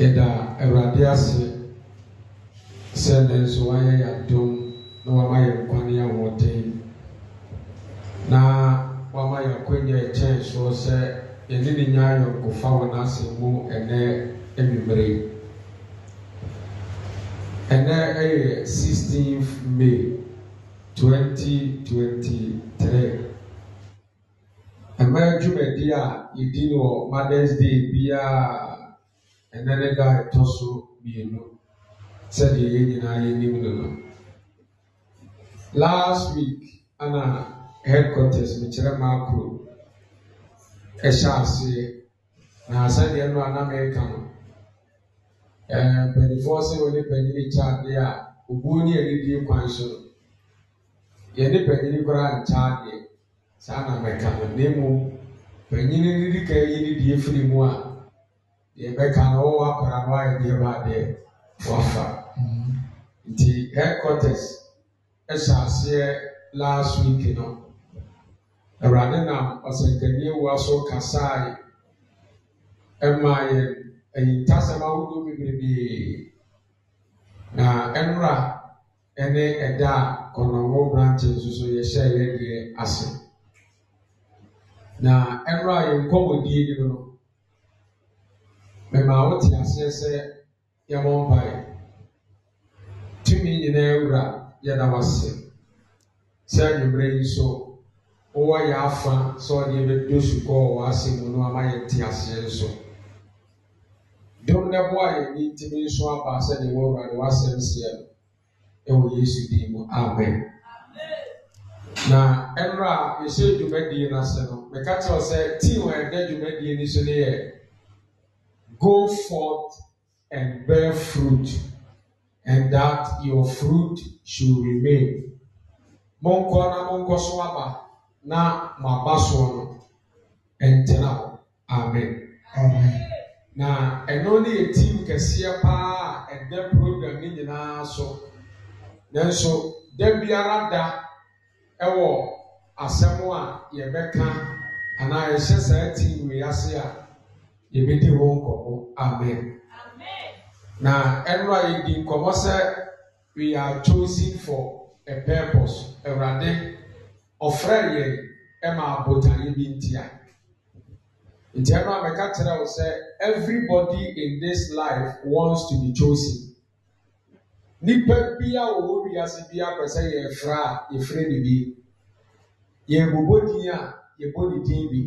yɛda awurade ase sɛ ne nso wayɛ yɛ na wama yɛ nkwa ahoɔden na wama yɛ akɔnya ɛkyɛn soɔ sɛ yɛne ne nya ayɔnkofa wɔ n'ase mu ɛnɛ anwummere ɛnɛ ɛyɛ sixteenth may twenty twenty three mmaa dwumadi a yɛdi no wɔ mothers day biara ɛnɛ ne da ɛtɔ so mmienu sɛdeɛ yɛn nyinaa yɛnim no no last week ana headquarters mekyerɛ maakoro ɛhyɛ aseɛ na sɛdeɛ no a na meka no mpanimfoɔ sɛ wɔne panyin kyɛ adeɛ a obuo ne anidie kwan so no yɛne panyin koraa nkyɛ adeɛ saa na mɛka no na mmom panyin ne didi ka yi ne die firi mu a deɛ bɛka na wɔwɔ akɔla no ayɛ deɛ ba deɛ wafa nti headquarters ɛhyɛ aseɛ last week no awurade nam ɔsɛnkaniɛ wua so kasaeɛ ɛma yɛ ayintasɛm ahodoɔ bebree na ɛnora ɛne ɛda a kɔnɔmɔ branche nso so yɛ deɛ ase na ɛnora yɛn nkɔmɔdie no no mmaa wote aseɛ sɛ yɛmɔ mpae tumi nyinaa wura yɛda wase sɛ anwummerɛ yi so wowɔ yɛ afa sɛ ɔde yɛbɛdo sukɔɔ wɔ ase mu no ama yɛte aseɛ nso dom no boa yɛni ntimi nso aba sɛdeɛ wɔwurade w'asɛm seɛ no ɛwɔ yesu din mu amen na ɛnora a yɛhyɛ dwumadie no ase no meka kyerɛw sɛ tii wɔ ɛda dwumadie ni so ne yɛ Go forth and bear fruit, and that your fruit should remain. Monkɔ na monkɔ so aba na mo no ɛntena Amen. Amen. Na ɛno ne yɛ team kɛseɛ paa a ɛda program ne nyinaa so. Nanso da biara da ɛwɔ asɛm a yɛbɛka anaa yɛhyɛ saa team wei ase a yɛbɛdi ho nkɔmmɔ amen na ɛno a yɛdi nkɔmmɔ sɛ we are chosen for a purpose awurade ɔfrɛ yɛn ɛma abotane bi ntia nti ɛno a mɛka kyerɛ wo sɛ everybody in this life wants to be chosen nipa bi a wɔwɔ wiase bi apɛ sɛ yɛfrɛ a yɛfrɛ ne bi yɛbobɔ din a yɛbɔ ne din bi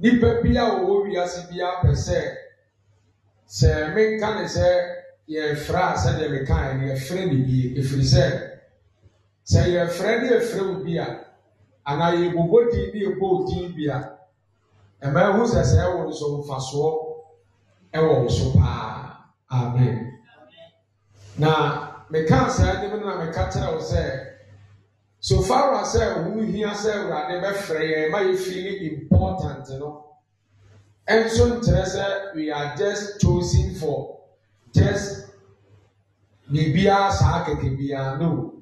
nnipa bi a wɔwɔ wiase bi apɛ sɛ sɛ meka ne sɛ yɛfrɛ a sɛdeɛ mekae no yɛfrɛ ne bie ɛfiri sɛ sɛ yɛfrɛ ne yɛfrɛ wo bi a anaa yɛbobɔ din ne yɛbɔ din bi a ɛma ɛho sɛ sɛ ɛwɔ nso mfasoɔ ɛwɔ wo so paa amen na meka saa anim no na meka kyerɛ wo sɛ so far as sɛ ɔmo hia sɛ awurade bɛfrɛ yɛn ma yɛ feel important no ɛnso nkyerɛ sɛ we are just chosen for just biribiara saa kɛkɛ biara no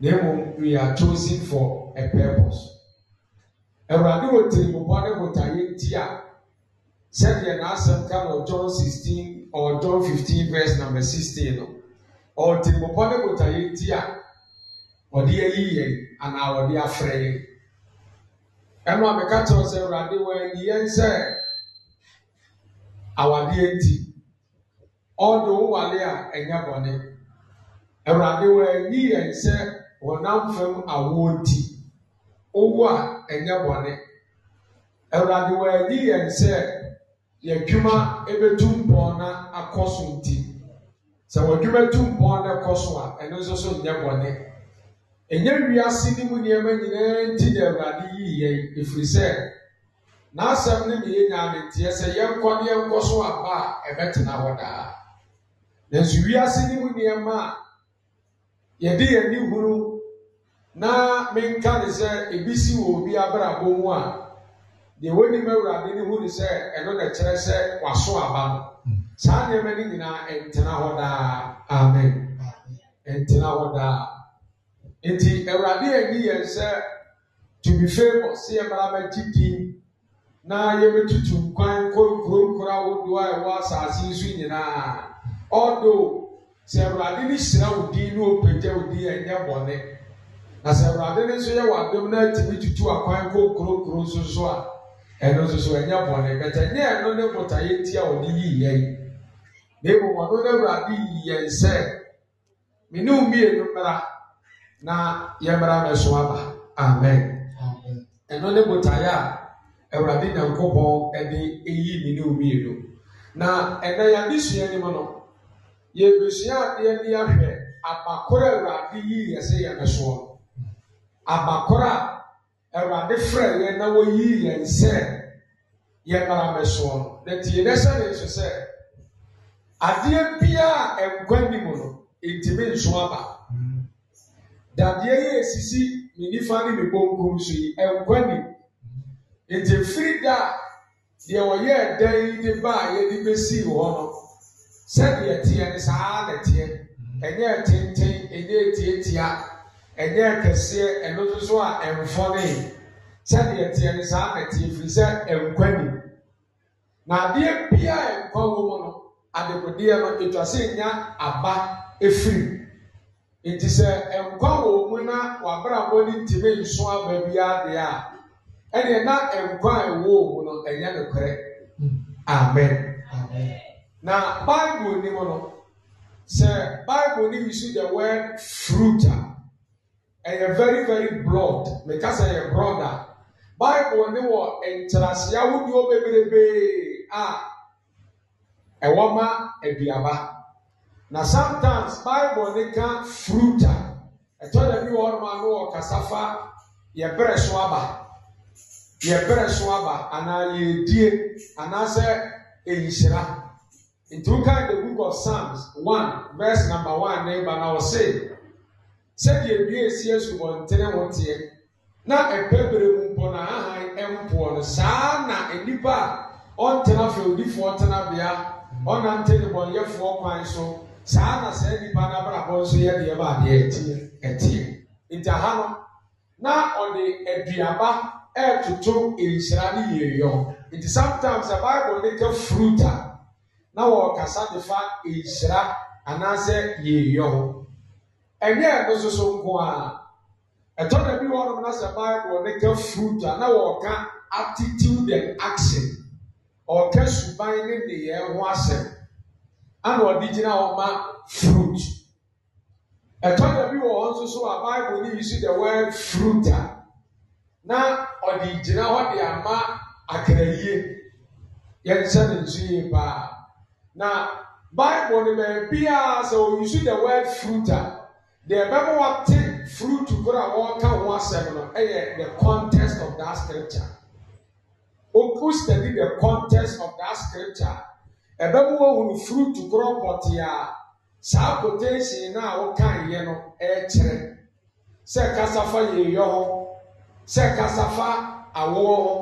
na mmom we are chosen for a purpose awurade wɔ tirimubɔ ne botaeɛ nti a sɛdeɛ n'asɛm ka no john sixteen or john fifteen verse number sixteen no ɔwɔ tirimubɔ ne botaeɛ nti a. wɔde ayi yɛn anaa wɔde afrɛ yɛn ɛno a meka kyerɛw sɛ awurade wɔani yɛn sɛ awadeɛ nti ɔde wale a ɛnyɛ bɔne awurade wɔani yɛn sɛ wɔnam fam awoɔ nti owu a ɛnyɛ bɔne awurade wɔani yɛn sɛ yɛdwuma ɛbɛtu na akɔ so nti sɛ wɔdwuma tu mpɔn na ɛkɔ a ɛno nso so nyɛ ɛnyɛ wiase ne mu nneɛma nyinaa nti na awurade yii yɛn ɛfiri sɛ n'asɛm no ne yɛnya ne nteɛ sɛ yɛnkɔ ne yɛnkɔ so aba a ɛbɛtena hɔ daa nanso wiase ne mu nneɛma a yɛde yɛn ni huru na menka ne sɛ ebi si wɔ obi abrabɔ mu a deɛ wɔnim awurade ne hu ne sɛ ɛno na kyerɛ sɛ waso aba no saa nneɛma no nyinaa ɛntena hɔ daa amen ɛntena hɔ daa nti awurade ani yɛn sɛ to be famous sɛ yɛmmara ti din na yɛbɛtutu kwan kɔ nkuronkuro ahodoɔ a ɛwɔ asase yi so nyinaa ɔdo sɛ awurade no hyira wo din na ɔpagya wo din ɛnyɛ bɔne na sɛ awurade no nso yɛ wɔ adom na atumi tutu akwan kɔ nkuronkuro nso so a ɛno nso so ɛnyɛ bɔne bɛtɛ nyɛ ɛno ne botaeɛ ti a ɔde yii yɛ yi na mmom ɔno no awurade yi yɛn sɛ me mmienu mmara na yɛmmra bɛso aba amen ɛno ne botaeɛ a awurade nyankopɔn de ɛyi ne ne omienu na ɛnɛ yɛadesua no mu no yɛbɛsua adeɛ ne ahwɛ abakoro a awurade yii yɛ sɛ yɛne soɔ abakoro a awurade frɛ yɛn na wɔyii yɛn sɛ yɛmmra bɛsoɔ no na tie ne sɛ ne nso sɛ adeɛ biara a nkwa ni mu no ntumi nso aba dadeɛ yɛ esisi ne nifa ne ne bonkum so yi nkwa ni nti firi da deɛ wɔyɛ dan yi de ba a yɛde besi wɔ no sɛdeɛ teɛ no saa na teɛ ɛnyɛ tenten ɛnyɛ tietia ɛnyɛ kɛseɛ ɛno nso so a ɛnfɔne sɛdeɛ teɛ no saa na teɛ firi sɛ nkwa ni na adeɛ bia a wɔ mu no adekodeɛ no etwa se nya aba efiri mu. nti sɛ nkwa wɔ mu na wabrabɔ ne ntumi nso aba bi adeɛ a ɛnneɛ na nkwa a ɛwɔ mu no ɛnyɛ nokorɛ amen na bible ni mu no sɛ bible ni use the word fruit a ɛyɛ very very broad meka sɛ ɛyɛ broad a bible ni wɔ nkyerɛaseɛ ahodoɔ bebrebee a ɛwɔ ma aduaba. na sometimes bible ne ka fruit a ɛtɔ da bi wɔ hɔ nom a no wɔ kasa fa yɛbrɛ so aba yɛbrɛ so aba anaa yɛdie anaasɛ ɛnhyira nti woka the book of psalms one verse number one ne ba na ɔse sɛdeɛ wie si asubɔntene ho teɛ na ɛpɛ bere mu mpɔ na ahan ɛmpoɔ no saa na nnipa a ɔntena fɛ odifoɔ tenabea ɔnante nebɔnyɛfoɔ kwan so saa na saa nnipa n'abrabɔ nso yɛ deɛ ma adeɛ ɛteɛ ɛteɛ nti aha no na ɔde aduaba ɛɛtoto e nhyira ne yɛyɔ nti sometimes the ne fruta na wɔrekasa de fa nhyira anaasɛ nso nko a ɛtɔ na bi na sɛ ne ka fruit na wɔreka attitude and action suban ne ho asɛm ana ɔde gyina hɔ ma fruit ɛtɔ da bi wɔ hɔ nso so a bible ne yi so the word fruit a na ɔde gyina hɔ de ama akrayie yɛnhyɛ ne nso yie paa na bible ne baabi a sɛ ɔyi so the word fruit a deɛ ɛbɛma wɔte fruit koro a wɔreka ho asɛm no yɛ the context of that scripture. Oku study the context of that scripture ɛbɛbu wɔn fruit korɔ pɔte a saa quotation na a wɔkan yɛ no ɛɛkyerɛ e sɛ kasafa yɛyɔ hɔ sɛ kasafa awoɔ hɔ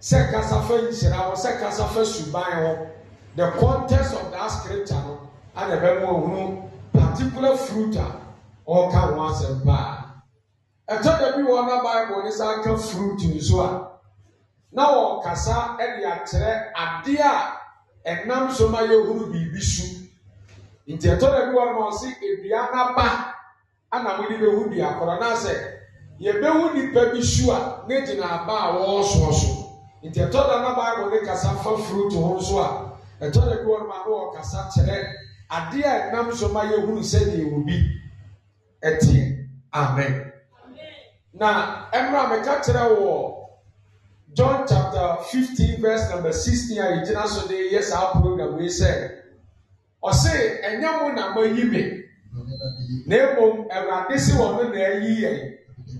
sɛ kasafa nhyira hɔ sɛ kasafa suban hɔ the context of that scripture no ana ɛbɛmu ohunu particular fruit a ɔka wɔn asɛm paa ɛtɔ dɛbi wɔn na bible ne saa ka e fruit nso e a na wɔn kasa ɛde akyerɛ adeɛ a. ɛnam so ma yɛhuru biribi so nti ɛtɔ da bi wɔ ma ɔsi edua n'aba ana mo de bɛhu dua kɔrɔ n'asɛ yɛbɛhu nipa bi so a ne gyina aba a wɔɔsoɔ so nti ɛtɔ da n'aba a wɔde kasa fa fruit ho so a ɛtɔ da bi wɔ ma no wɔ kasa kyerɛ adeɛ a ɛnam so ma yɛhuru sɛdeɛ wɔ bi ɛteɛ amen na ɛmra mɛka kyerɛ wɔ. john chapter fifteen verse number sixteen a yɛgyina so de yɛ saa program yi sɛ ɔse ɛnyɛ mo na mo yi mi na emom ɛwurade si wɔn no na ɛyi yɛn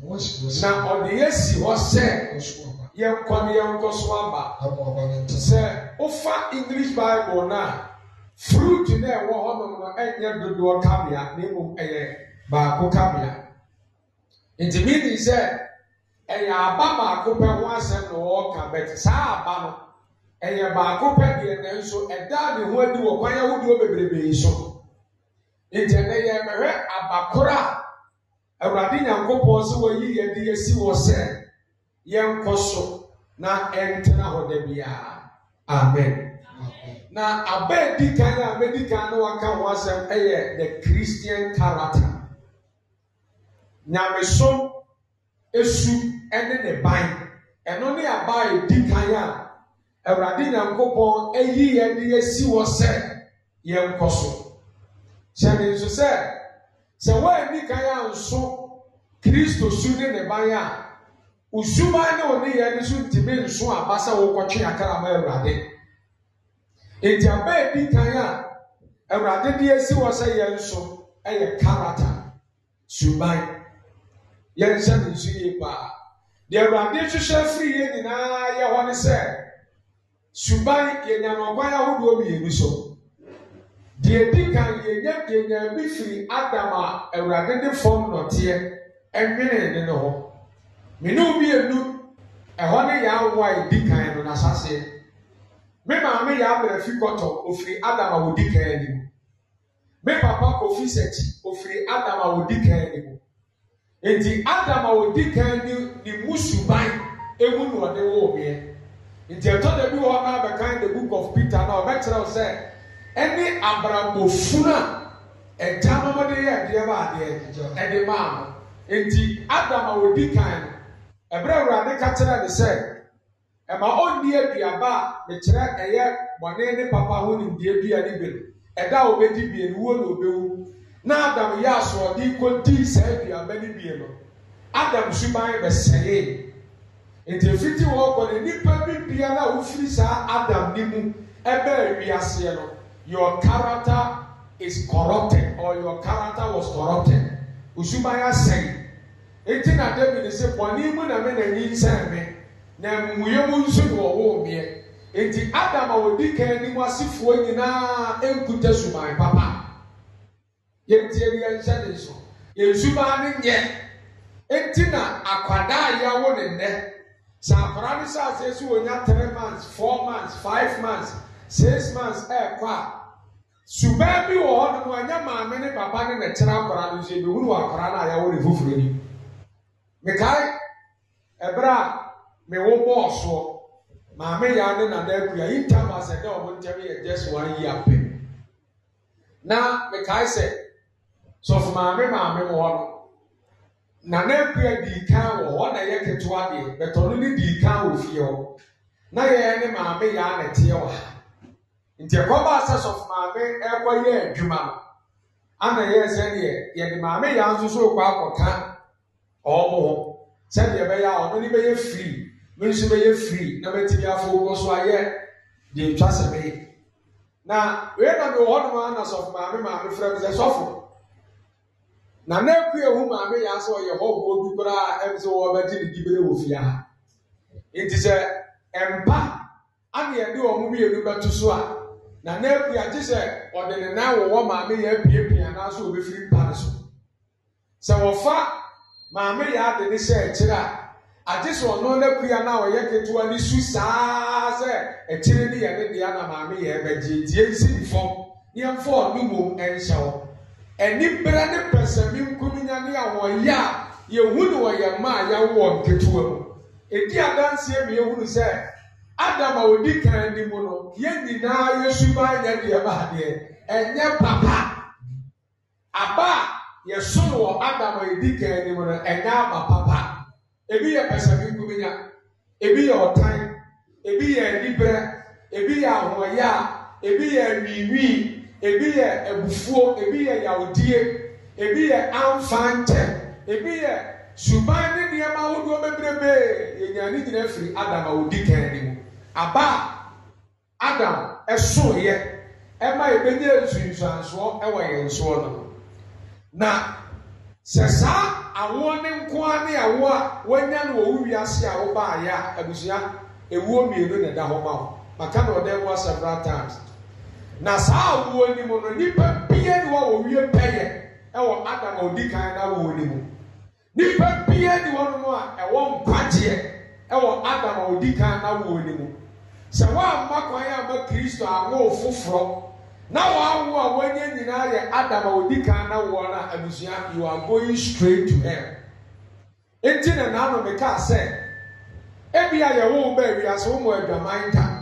na ɔde yɛ si hɔ sɛ yɛn kɔ ne yɛn kɔ so aba sɛ wofa english bible na fruit na ɛwɔ hɔ nom no ɛnyɛ dodoɔ kamea na emom ɛyɛ baako kamea nti mi ni sɛ. ɛyɛ aba baako pɛ ho asɛm na wɔreka bɛt saa aba no ɛyɛ baako pɛ deɛ nanso ɛdaa ne ho adi wɔ kwan ahodoɔ bebrebee so nti ɛnɛ yɛ mɛhwɛ abakora a awurade nyankopɔn sɛ wɔyi yɛde yɛsi wɔ sɛ yɛnkɔ so na ɛntena hɔ da biara amen na aba edi kan a medi kan na waka ho asɛm ɛyɛ the christian character nyamesom esu. ɛne ne ban ɛno ne aba a edi kan a awurade nyankopɔn ayi yɛn de asi wɔ sɛ yɛn kɔ so hyɛne nso sɛ sɛ wɔanni kan a nso kristo su ne ne ban a osuman ne wɔne yɛn nso ntumi nso aba sɛ wɔkɔtwe akarama awurade nti aba edi kan a awurade de asi wɔ sɛ yɛn nso ɛyɛ karata suman yɛn hyɛ ne nso yie paa. deɛ awurade firi nyinaa yɛ hɔ ne sɛ suban ahodoɔ mmienu so deɛ di firi adam a awurade de fam nnɔteɛ ɛnwene ne ne ho mene mmienu ɛhɔ ne yɛ awoa a yɛdi kan no n'asaseɛ me nti adam a odi kan ni ne mu suban emu na ɔde wɔ omiɛ nti ɛtɔ da bi wɔ hɔ na abɛkan the book of peter na ɔbɛkyerɛw sɛ ɛne abrabofunu a ɛgya mama de yɛ adeɛ ba adeɛ ɛde maa no nti adam a odi kan no ɛbrɛ awurade ka kyerɛ ne sɛ ɛma ɔnni aduaba a mekyerɛ ɛyɛ bɔne ne papa ho nimdeɛ dua ne bi no ɛda a obɛdi bie no wuo na obɛwu na adam yɛ asoɔden kɔdii saa aduaba no bie no adam suban bɛsɛee nti ɛfiti wɔ kɔ no nnipa bi biara a wofiri saa adam ne mu ebe wiaseɛ no your character is corrupted or your character was corrupted osuban asɛe na david mu na me na nyinsɛn na mu nso nti adam a kan asefoɔ nyinaa nkuta yɛntie ne yɛnhyɛ ne so yɛnsumaa ne nyɛ enti na akwadaa a yɛawo ne nnɛ sɛ akwara no sɛ asɛ si wɔnya three months four months five months six months ɛɛkɔ a sumaa bi wɔ hɔ nom ɛnyɛ maame ne papa ne ne kyerɛ akwara no so ebihunu akwara no a yɛawo ne foforɔ ni mekae ɛberɛ a mewo bɔɔ soɔ maame yɛa ne nana akua yi tam asɛ dɛ ɔmo ntɛm yɛ just one year pɛ na mekae sɛ sɔfo maame maame wɔ no na ne mpia dii kan wɔ hɔ na yɛ ketewa deɛ bɛtɔ no ne dii kan wɔ fie hɔ na yɛn ne maame yaa na teɛ wɔ ha nti ɛkɔba sɛ sɔfo maame ɛkɔ yɛ adwuma no ana yɛ sɛdeɛ yɛde maame yaa nso so kɔ akɔka ɔmo ho sɛdeɛ bɛyɛ a ɔno ne bɛyɛ firi me nso bɛyɛ firi na bɛtumi afɔwɔ so ayɛ deɛ ntwa sɛbɛyɛ na wei na mi wɔ hɔ nom ana maame maame fira mi sɛ sɔfo. na na-ekwu ewu maame ya nso yɛ hɔ wɔ obi koraa a ɛm wọ wɔbɛgye ne dibere wɔ fie ha nti sɛ mpa ana yɛde wɔn mmienu bɛto so a na na-ekwu agye sɛ ɔde ne nan maame ya apiapia na nso obɛfiri mpa no so sɛ wɔfa maame ya adị ne ekyiri akyire a agye sɛ ɔno n'akua na ɔyɛ ketewa ne su saa sɛ akyire ne dị ne deɛ na maame ya ɛbɛgye nti yɛnsi ne fam yɛmfa ɔno mu nhyɛ wɔn. anibere ne pɛsɛmi nkominya ne a wɔyɛ a yɛhu ne wɔyɛ mma a yɛwɔ nketewa mu edi adanseɛ mi yɛhu sɛ adam a odi kan ne mu no yɛn nyinaa yɛsu ba yɛ deɛ ba adeɛ ɛnyɛ papa aba a yɛso no wɔ adam a edi kan ne mu no ɛnyɛ aba papa ebi yɛ pɛsɛmi nkominya ebi yɛ ɔtan ebi yɛ anibere ebi yɛ ahoɔyɛ a ebi yɛ nwiinwii. ebi yɛ abufuo ebi yɛ yawodie ebi yɛ amfa nkyɛn ebi yɛ suban ne nneɛma ahodoɔ bebrebee yɛnya ne nyinaa firi adam a odi kɛn ne mu aba adam adam ɛsoeɛ ɛma yɛbɛnya nsunsuansoɔ ɛwɔ yɛn soɔ no na sɛ saa awoɔ ne nkoa ne awoɔ a wɔanya no wɔ wo wiase a wobaayɛ a abusua ewuo mmienu na ɛda hɔ ma ho maka na ɔdan mu asɛmra times na saa awoɔ anim no nnipa bia ne wɔ wɔ wie pɛyɛ ɛwɔ adam a ɔdi kan na awoɔ ne mu nnipa bia ne wɔ no a ɛwɔ nkwagyeɛ ɛwɔ adam a ɔdi kan na awoɔ ne mu sɛ woamma kwan ama kristo awo foforɔ na wɔawo a wɔanyɛ nyinaa yɛ adam a ɔdi kan na woɔ no a abusua you are going straight to hell nti na naano mekaa sɛ ebia yɛwo baawi ase wo mɔ adwaman ta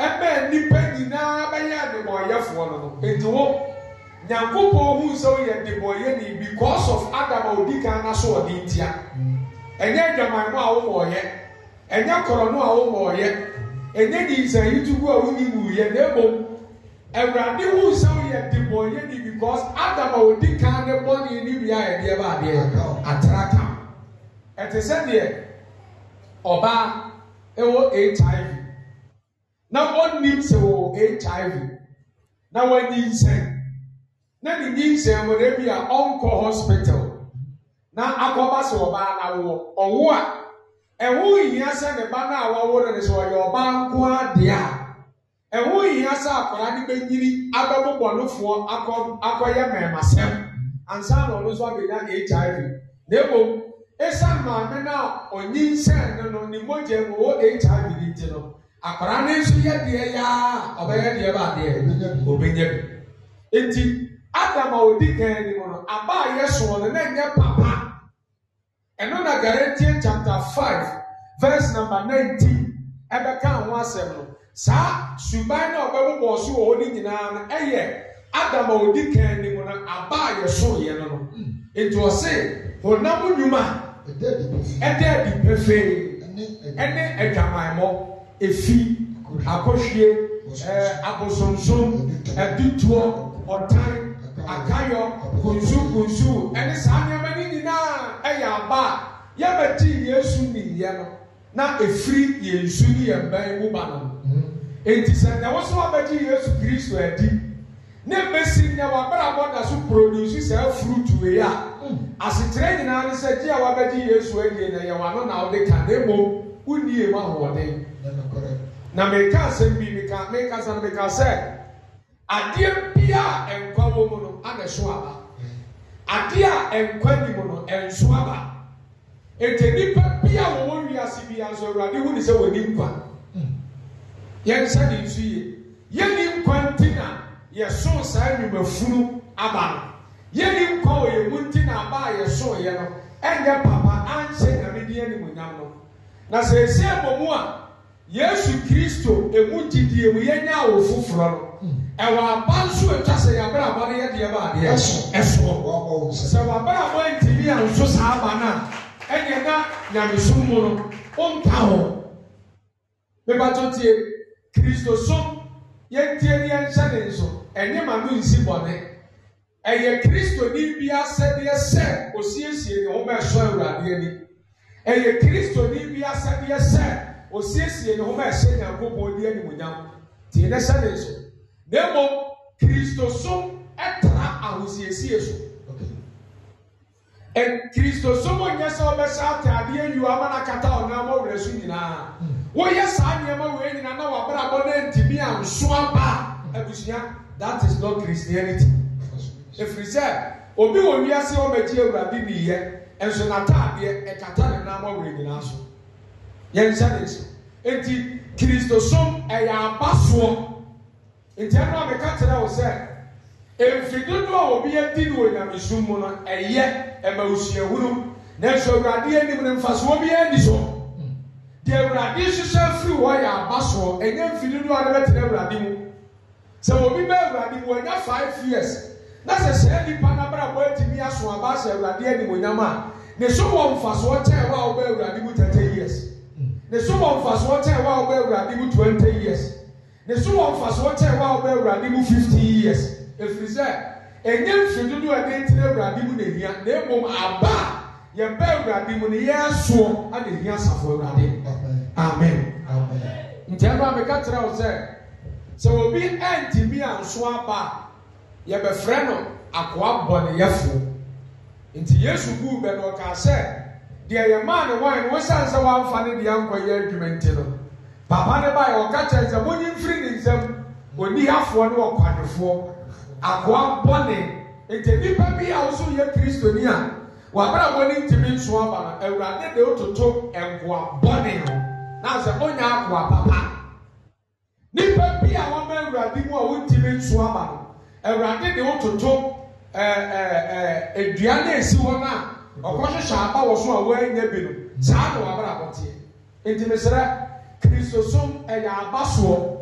ɛmɛ nnipa nyinaa bɛyɛ adebɔyɛfoɔ no no enti wo nyankopɔn hu sɛ woyɛ adebɔyɛni because of adam a odi kan na so ɔde ntia ɛnyɛ adwaman no a womɔɔyɛ ɛnyɛ kɔrɔ a womɔɔyɛ ɛnyɛ ninsayitukɔ a wuyɛ na mmom awurade hu sɛ woyɛ adebɔyɛni because adam a odi kan ne bɔne ne wia ɛdeɛ baadeɛ atraka ɛte sɛ deɛ ɔbaa ɛwɔ hiv na ɔnnim sɛ wɔwɔ hiv na wɔanyi nsɛn na ne nyi nsɛn mmerɛ bi a ɔnkɔ hospital na akɔba sɛ ɔbaa na wɔ ɔwo a ɛho hia sɛ ne ba no a wɔwo no ne sɛ ɔyɛ ɔbaa nko adeɛ a ɛho hia sɛ akwaraa ne bɛnyini abɛbobɔ nofoɔ akɔ akɔyɛ mɛmasɛm ansa na ɔno nso abɛnya hiv na mmom ɛsiane maame no a ɔnyi nsɛn no no ne mogya mu wɔ hiv no nti no akwaraa no nso yɛ deɛ yaa ɔbɛyɛ deɛ ba adeɛ ɔbɛnya bi eti adam a odi kan anim no aba a soɔ no na nyɛ papa ɛno na Galatians chapter five verse number nineteen ɛbɛka ho asɛm no saa suban na ɔbɛbobɔ so wɔ hɔ no nyinaa no ɛyɛ adam a odi kan anim no aba a yɛ soɔ yɛ no no eti ɔse honam nnwuma ɛdɛ adi pefee ɛne adwamammɔ. efi akɔhwie ɛɛ abosonsom ɛdutuo ɔtan akayɔ kunsukunsu ɛne saa nneɛma ne nyinaa ɛyɛ aba a yɛbɛti yesu niyɛ no na efiri yɛn nsu ne yɛn bɛn wo ba no eti sɛ na wɔso abɛgye yesu kristo adi ne mbesi na wabrabɔ na so produce saa fruitue a asetere nyinaa ne sɛ gye a wabɛgye yesu adi na yɛ wano na ɔde ka na emu wunie mu ahoɔden. na meka asɛm bi meka mekasa no meka sɛ adeɛ bi a nkwa wɔ mu no ana so aba adeɛ a nkwa ni mu no nso aba nti nipa bi a wɔwɔ wiase bi nso awurade hu ne sɛ wɔni nkwa yɛn nsa ne nso yie yɛni nkwa nti na yɛso saa nnwumafunu aba no yɛni nkwa wɔ yɛn mu nti na aba a yɛso yɛ no ɛnyɛ papa anhyɛ nyame deɛ animuonyam no na sɛ esi abɔ mu a yesu kristo emu gyidie mu yɛn nyɛ awo foforɔ no hmm. ɛwɔ aba nso etwa sɛ yabere aba no yɛ deɛ ba adeɛ ɛso ɛso ɔwɔ sɛ wabere aba ntumi anso saa aba no a ɛnyɛ na nyamesom mu no ɔnka ho mibato tie kristo som yɛntie ne yɛnhyɛ ne nso ɛnyɛ ma no nsi bɔne ɛyɛ kristo ni bi asɛdeɛ sɛ osiesie ne ho bɛsɔ awuradeɛ ni ɛyɛ kristo ni bi asɛdeɛ sɛ osiesie ne ho ma ɛhyɛ nyankopɔn di animonyam tie ne hyɛ ne so na mmom kristo so ɛtra ahosiesie so kristo so mo nyɛ sɛ ɔbɛhyɛ ataadeɛ yiwa ama na kata ɔnam ɔwerɛ so nyinaa hmm. woyɛ saa nneɛma wei nyinaa na wabrabɔ na ntumi ansoa ba hmm. abusua that is not christianity efiri sɛ obi wɔ wiase ɔbɛgye awurade niyɛ nso n'ataadeɛ ɛkata ne nam ɔwerɛ nyinaa so yɛn hyɛ ne nkyɛn eti kristosom ɛyɛ aba soɔ nti ɛnu a meka kyerɛ wo sɛ mfidodo a obi adi no wɔ nyamesum mu no ɛyɛ ɛmɛwusiahunu nanso awurade anim ne mfasoɔ bi ani so deɛ awurade hyehyɛ firi hɔ yɛ aba soɔ ɛnyɛ mfidodo a ne bɛtena awurade mu sɛ obi bɛ awurade mu ɔnya five years na sɛ sɛ nipa n'abara bɔ atumi aso aba sɛ awurade anim onyam a ne so wɔ mfasoɔ kyɛn hɔ a ɔbɛ awurade mu thirty years ne so wɔ mfasoɔ kyɛn wɔ a awurade mu twenty years ne so wɔ mfasoɔ kyɛn wɔ a wɔbɛ awurade mu fifty years efiri sɛ enye nsududu a n'etiri awurade mu n'ehia na emom aba a yɛbɛ awurade mu ne yɛsoɔ a n'ehia asafo awurade amen ntɛm a meka kyerɛ wo sɛ sɛ obi ɛntumi a nso aba a yɛbɛfrɛ no akoa bɔneyɛfo nti yesu guu bɛ no ɔkaa sɛ. deɛ yɛ maa ne wɔn no wosan sɛ wɔamfa ne deɛ nkɔyɛ adwuma nti no papa ne ba yɛ ɔka kyerɛ sɛ wɔnyi mfiri ne nsam onihafoɔ ne ɔkwanefoɔ akoa bɔne nti nipa bi a wɔso yɛ kristoni a wɔabra wɔn ntumi nso aba no awurade de ototo nkoa bɔne no na sɛ akoa papa nipa bi a wɔn bɛ awurade mu a wɔntumi nso aba no awurade de ototo ɛɛ ɛɛ esi wɔn a. ɔkɔhyehyɛ aba wɔ so a wɔanya bi no saa na wɔabra abɔteɛ nti mesrɛ kristosom ɛyɛ abasoɔ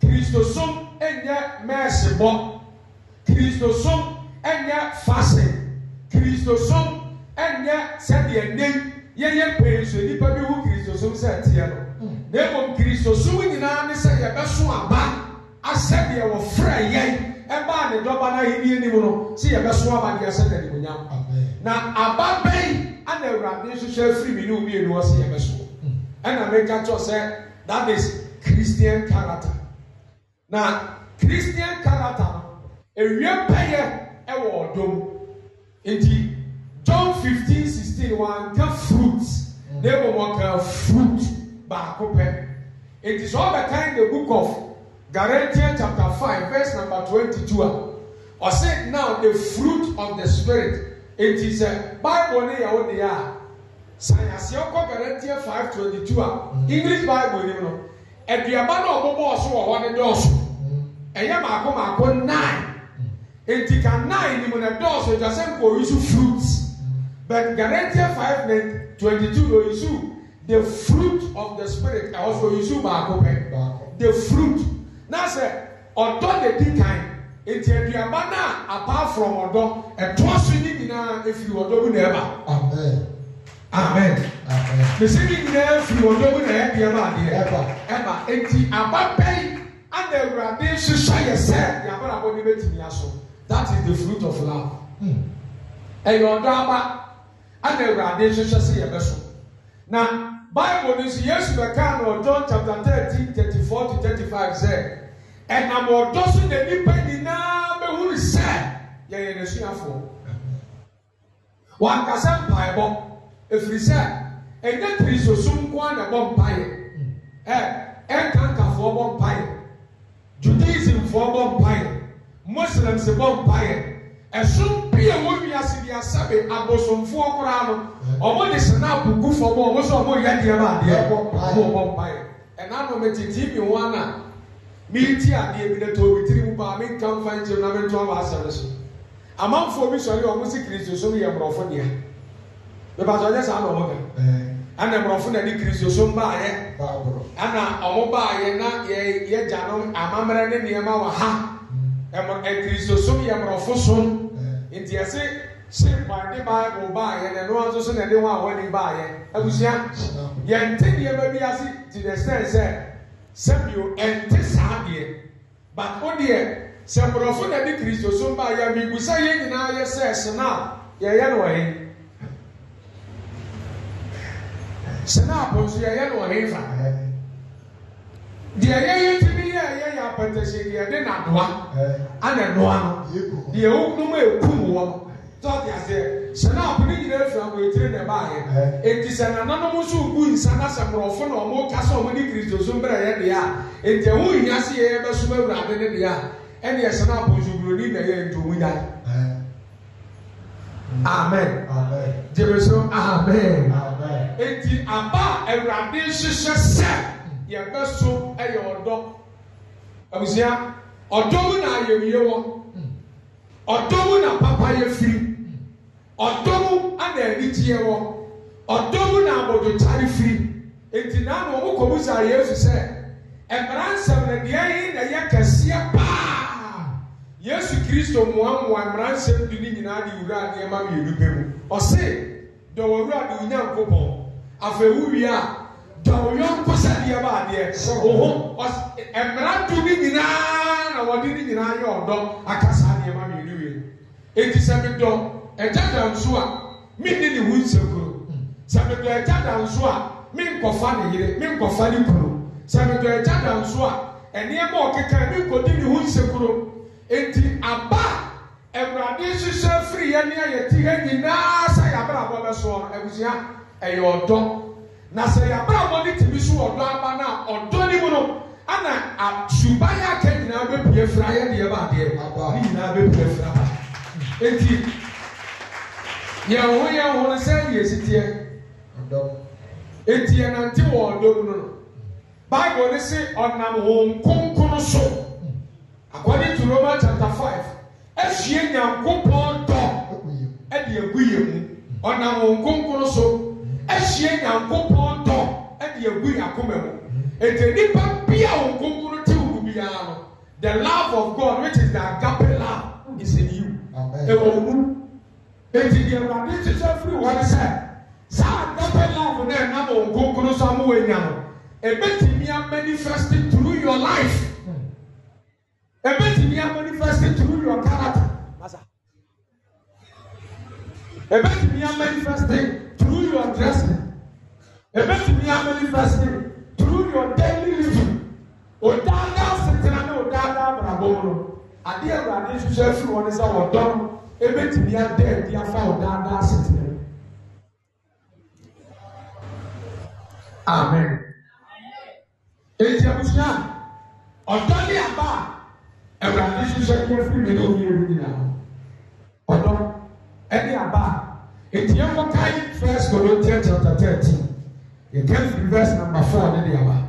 kristosom ɛnyɛ mɛɛsebɔ kristosom ɛnyɛ fase kristosom ɛnyɛ sɛdeɛ nen yɛyɛ pɛn so nipa bi hu kristosom sɛ ɛteɛ no na mmom kristosom nyinaa ne sɛ yɛbɛso aba asɛdeɛ wɔfrɛ yɛn ɛbaa ne dɔba no ahenni anim no sɛ yɛbɛso ama deɛ sɛ n'animuonyam na aba bɛn ana awurade nhyehyɛ afiri mi ne wo mmienu hɔ sɛ yɛbɛso ɛna mɛgya kyɛw sɛ that is christian character na christian character no ewie pɛyɛ ɛwɔ ɔdɔm nti john fifteen sixteen wanka fruit na emu wɔn fruit baako pɛ nti sɛ ɔbɛkan the book of. Galatians chapter 5 verse number 22 I said now the fruit of the spirit It is a bible ne yɛwo deɛ a sanyase ɔkɔ Galatians 5 22 a English bible nim no aduaba na ɔbobɔ so wɔ hɔ ne dɔɔso ɛyɛ maako maako nine And you can nine nim na dɔɔso gya sɛ nkɔ oyi so fruits. Mm. but Galatians 5 ne 22 oyi so the fruit of the spirit I also oyi so baako the fruit na sɛ ɔdɔ na di kan eti aduaba na apart from ɔdɔ ɛtoa so ne nyinaa efiri ɔdɔ mu na ɛba amen amen bese ne nyinaa efiri ɔdɔ mu na ɛbi ɛba adeɛ ɛba ɛba eti aba bɛyi ana awurade hyehyɛ yɛ sɛ yabara abɔ ne bɛtumi aso that is the fruit of love hmm. ɛyɛ ɔdɔ aba ana awurade hyehyɛ sɛ yɛ bɛ so na bible ni so yesu bɛka na ɔjɔn chapter thirteen thirty four to thirty five sɛ ɛnam ɔdɔ so na nipa nyinaa bɛhuru sɛ yɛyɛ n'asuafoɔ wankasa mpaebɔ efiri sɛ ɛnyɛ tiri soso nko na ɛbɔ mpaeɛ ɛ ɛnkankafoɔ bɔ mpaeɛ judaismfoɔ bɔ mpaeɛ muslims bɔ mpaeɛ ɛso bi a wɔn wiase de asabe abosomfoɔ koraa no wɔn de snap gu fam a wɔn nso wɔn yɛ deɛ ma adeɛ bɔ wɔn bɔ mpaeɛ ɛna nom te tv ho ana miiti adeɛ bi na to omi tiri mu paa mi nka nfa nkyɛn na mi nto ama asɛm no so amanfoɔ bi sɔre a wɔn si kristu so yɛ mborɔfo deɛ bɛbàtɔ ɔyɛ saa na wɔn ka ɛna mborɔfo na ne kristu so mbaayɛ ɛna wɔn baayɛ na yɛ yɛ gya no amammerɛ ne nneɛma wɔ ha ɛmɔ ɛtiri sosom yɛ mɔrɔfo som nti ɛsi se baade baabu baayɛ na ɛnua nso so na ɛde wɔn a wɔde baayɛ abusua yɛn ti nneɛma bi ase ti dɛ sɛ sɛ sɛbio ɛnti saa deɛ but o deɛ sɛ mɔrɔfo na ɛde kristo som baayɛ mi gusa yɛ nyinaa yɛ sɛ sinaa yɛyɛ no wɔyɛ sinaa pɔnso yɛyɛ no wɔyɛ fa deɛ yɛyɛ ti yi a ɛyɛ yɛ apɛtɛhyɛ deɛ ɛde nadoa ana noa no deɛ okunum ekum wɔ tɔɔte aseɛ hyɛ na apene nyinaa efura wɔ etire na ɛbaa yɛ eti sɛ nananom nso gu nsa na sɛ na wɔn kasa wɔn ne kristu so mbɛrɛ yɛ deɛ eti ɛho nhia se yɛ bɛsoma awurade ne deɛ a ɛne ɛhyɛ na apɔnsuburoni na yɛ ntomu ya amen gyebe amen eti aba awurade hyehyɛ sɛ yɛbɛso ɛyɛ ɔdɔ. abusua ɔdɔm na ayɛwie wɔ ɔdɔm na papa yɛ firi na ana anigyeɛ wɔ na abɔdotare firi eti naanu wɔn kɔ busa yesu sɛ mmara nsɛm na deɛ na yɛ kɛseɛ paa yesu kristo mmoamoa mmara nsɛm di ne nyinaa de wura nneɛma mmienu pɛ mu dɔwɔwura da o yɔnko sɛdeɛ ba adeɛ oho mmerantu ne nyinaa na wɔde ne nyinaa yɛ ɔdɔ aka saa nneɛma mmienu yɛ eti sɛ mi dɔ ɛgya da nso a mi ne ne ho nsɛkuro sɛ mi dɔ ɛgya da nso a mi nkɔfa ne yere mi nkɔfa ne kuro sɛ mi dɔ ɛgya da nso a nneɛma ɔkeka mi nkɔdi ne ho nsɛkuro eti aba awurade hyehyɛ firi yɛn ne yɛ ti hɛ nyinaa sɛ yɛ abrabɔ bɛ soɔ abusua ɛyɛ ɔdɔ na sɛ yɛabra bɔ ne tumi so wɔ dɔ aba no ɔdɔ ne mu no ana asuban yɛ aka nyinaa bɛpue fira yɛdeɛ ba adeɛ ne nyinaa bɛpue fira ba enti yɛn ho yɛn ho no sɛ yɛ siteɛ enti yɛnante wɔ ɔdɔ mu no no bible ne se ɔnam wɔn konkono so according to Roman chapter five ɛsue nyankopɔn dɔ ɛde agu yɛ mu ɔnam wɔn konkono so ahyia nyankopɔn dɔ ɛde agu yakoma mu ete nipa bi a wɔn kunkun te wɔn biara no the love of God which is the agape love is in you ɛwɔ wɔn mu eti deɛ wɔde hyehyɛ firi wɔn sɛ saa agape love na ɛnam wɔn kunkun so ama wɔn nya no ebetumi a manifest through your life ebetumi a manifest through your character ebetumi a manifest through your dressing ebetumi amanifesting through your daily living odaadaa setena ne odaadaa abrabɔ no adeɛ awurade nhyehyɛ afiri wɔn sɛ wɔdɔ no ebetumi ada adi afa odaadaa setena mu amen eti abusua ɔdɔ ne aba awurade nhyehyɛ afiri wɔn ne omi ewu nyinaa ɔdɔ ɛne aba nti yɛn mo kan first corinthians chapter thirteen yɛ kan verse number four ne deɛ ba.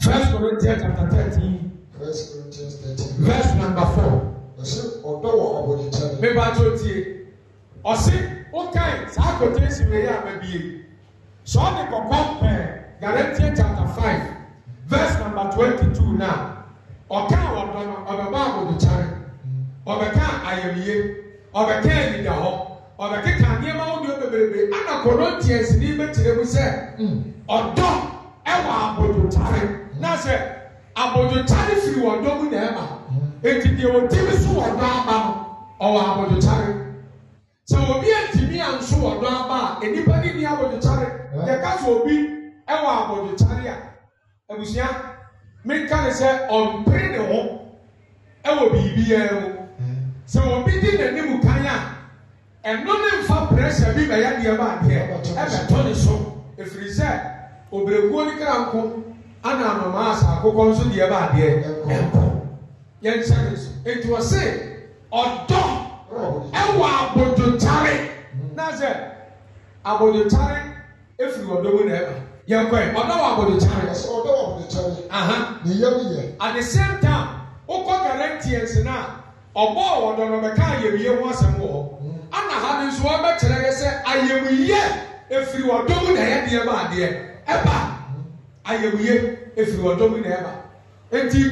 First Corinthians chapter thirteen. First Corinthians thirteen. Verse number four. Ɔsè ɔdɔ wɔ ɔbɔdè kyɛn. Mímba tó tiẹ̀, ɔsè ɔkàn sáà kòtò èsì wẹ̀ yẹ àmàbíyè. Sọ́ọ́ ni kọ̀kọ́ pẹ̀ Galatians chapter five verse number twenty-two now ɔka a ɔdɔ no ɔbɛba abɔdokyare ɔbɛka ayamye ɔbɛka anida hɔ ɔbɛkeka nneɛma ahodoɔ bebrebe ana kɔnɔntiɛnsini bɛkyerɛ mu sɛ ɔdɔ ɛwɔ abɔdokyare na sɛ abɔdokyare firi ɔdɔ mu na ɛma eti deɛ ɔdi bi so ɔdɔ aba no ɔwɔ abɔdokyare sɛ obi antumi anso ɔdɔ aba a enipa ni ni abɔdokyare yɛ ka sɛ obi ɛwɔ abɔdokyare a abusua menka ne sɛ ɔmpere ne ho ɛwɔ biribiara mu sɛ obi di n'anim kan a ɛno ne nfa pressure bi bɛyɛ nneɛma adeɛ ɛbɛtɔ ne so efiri sɛ obirekuo ne kranko ana anomaa asa akokɔ nso deɛ ba adeɛ ɛnkɔ yɛn nsa ne so etu ɔse ɔdɔ ɛwɔ abodotare mm. na sɛ abodotare efiri ɔdɔ mu na ɛba yẹn kọ ẹ. ọ̀nà wà wọlé kyari. ọ̀sẹ̀ ọ̀nà wà wọlé kyari. ne yẹ mi yẹ. at the same time okọ Corinthians náà ọbọ ọwọdọ na ọbẹka ayẹwìyẹ wọn asẹm wọ ana ha ni nso ọbẹ kyerẹ yẹ sẹ ayẹwìyẹ efiri ọdọm na ẹyẹ deẹ ba adeɛ ɛba mm. ayẹwìyẹ efiri ọdọm na ɛba eti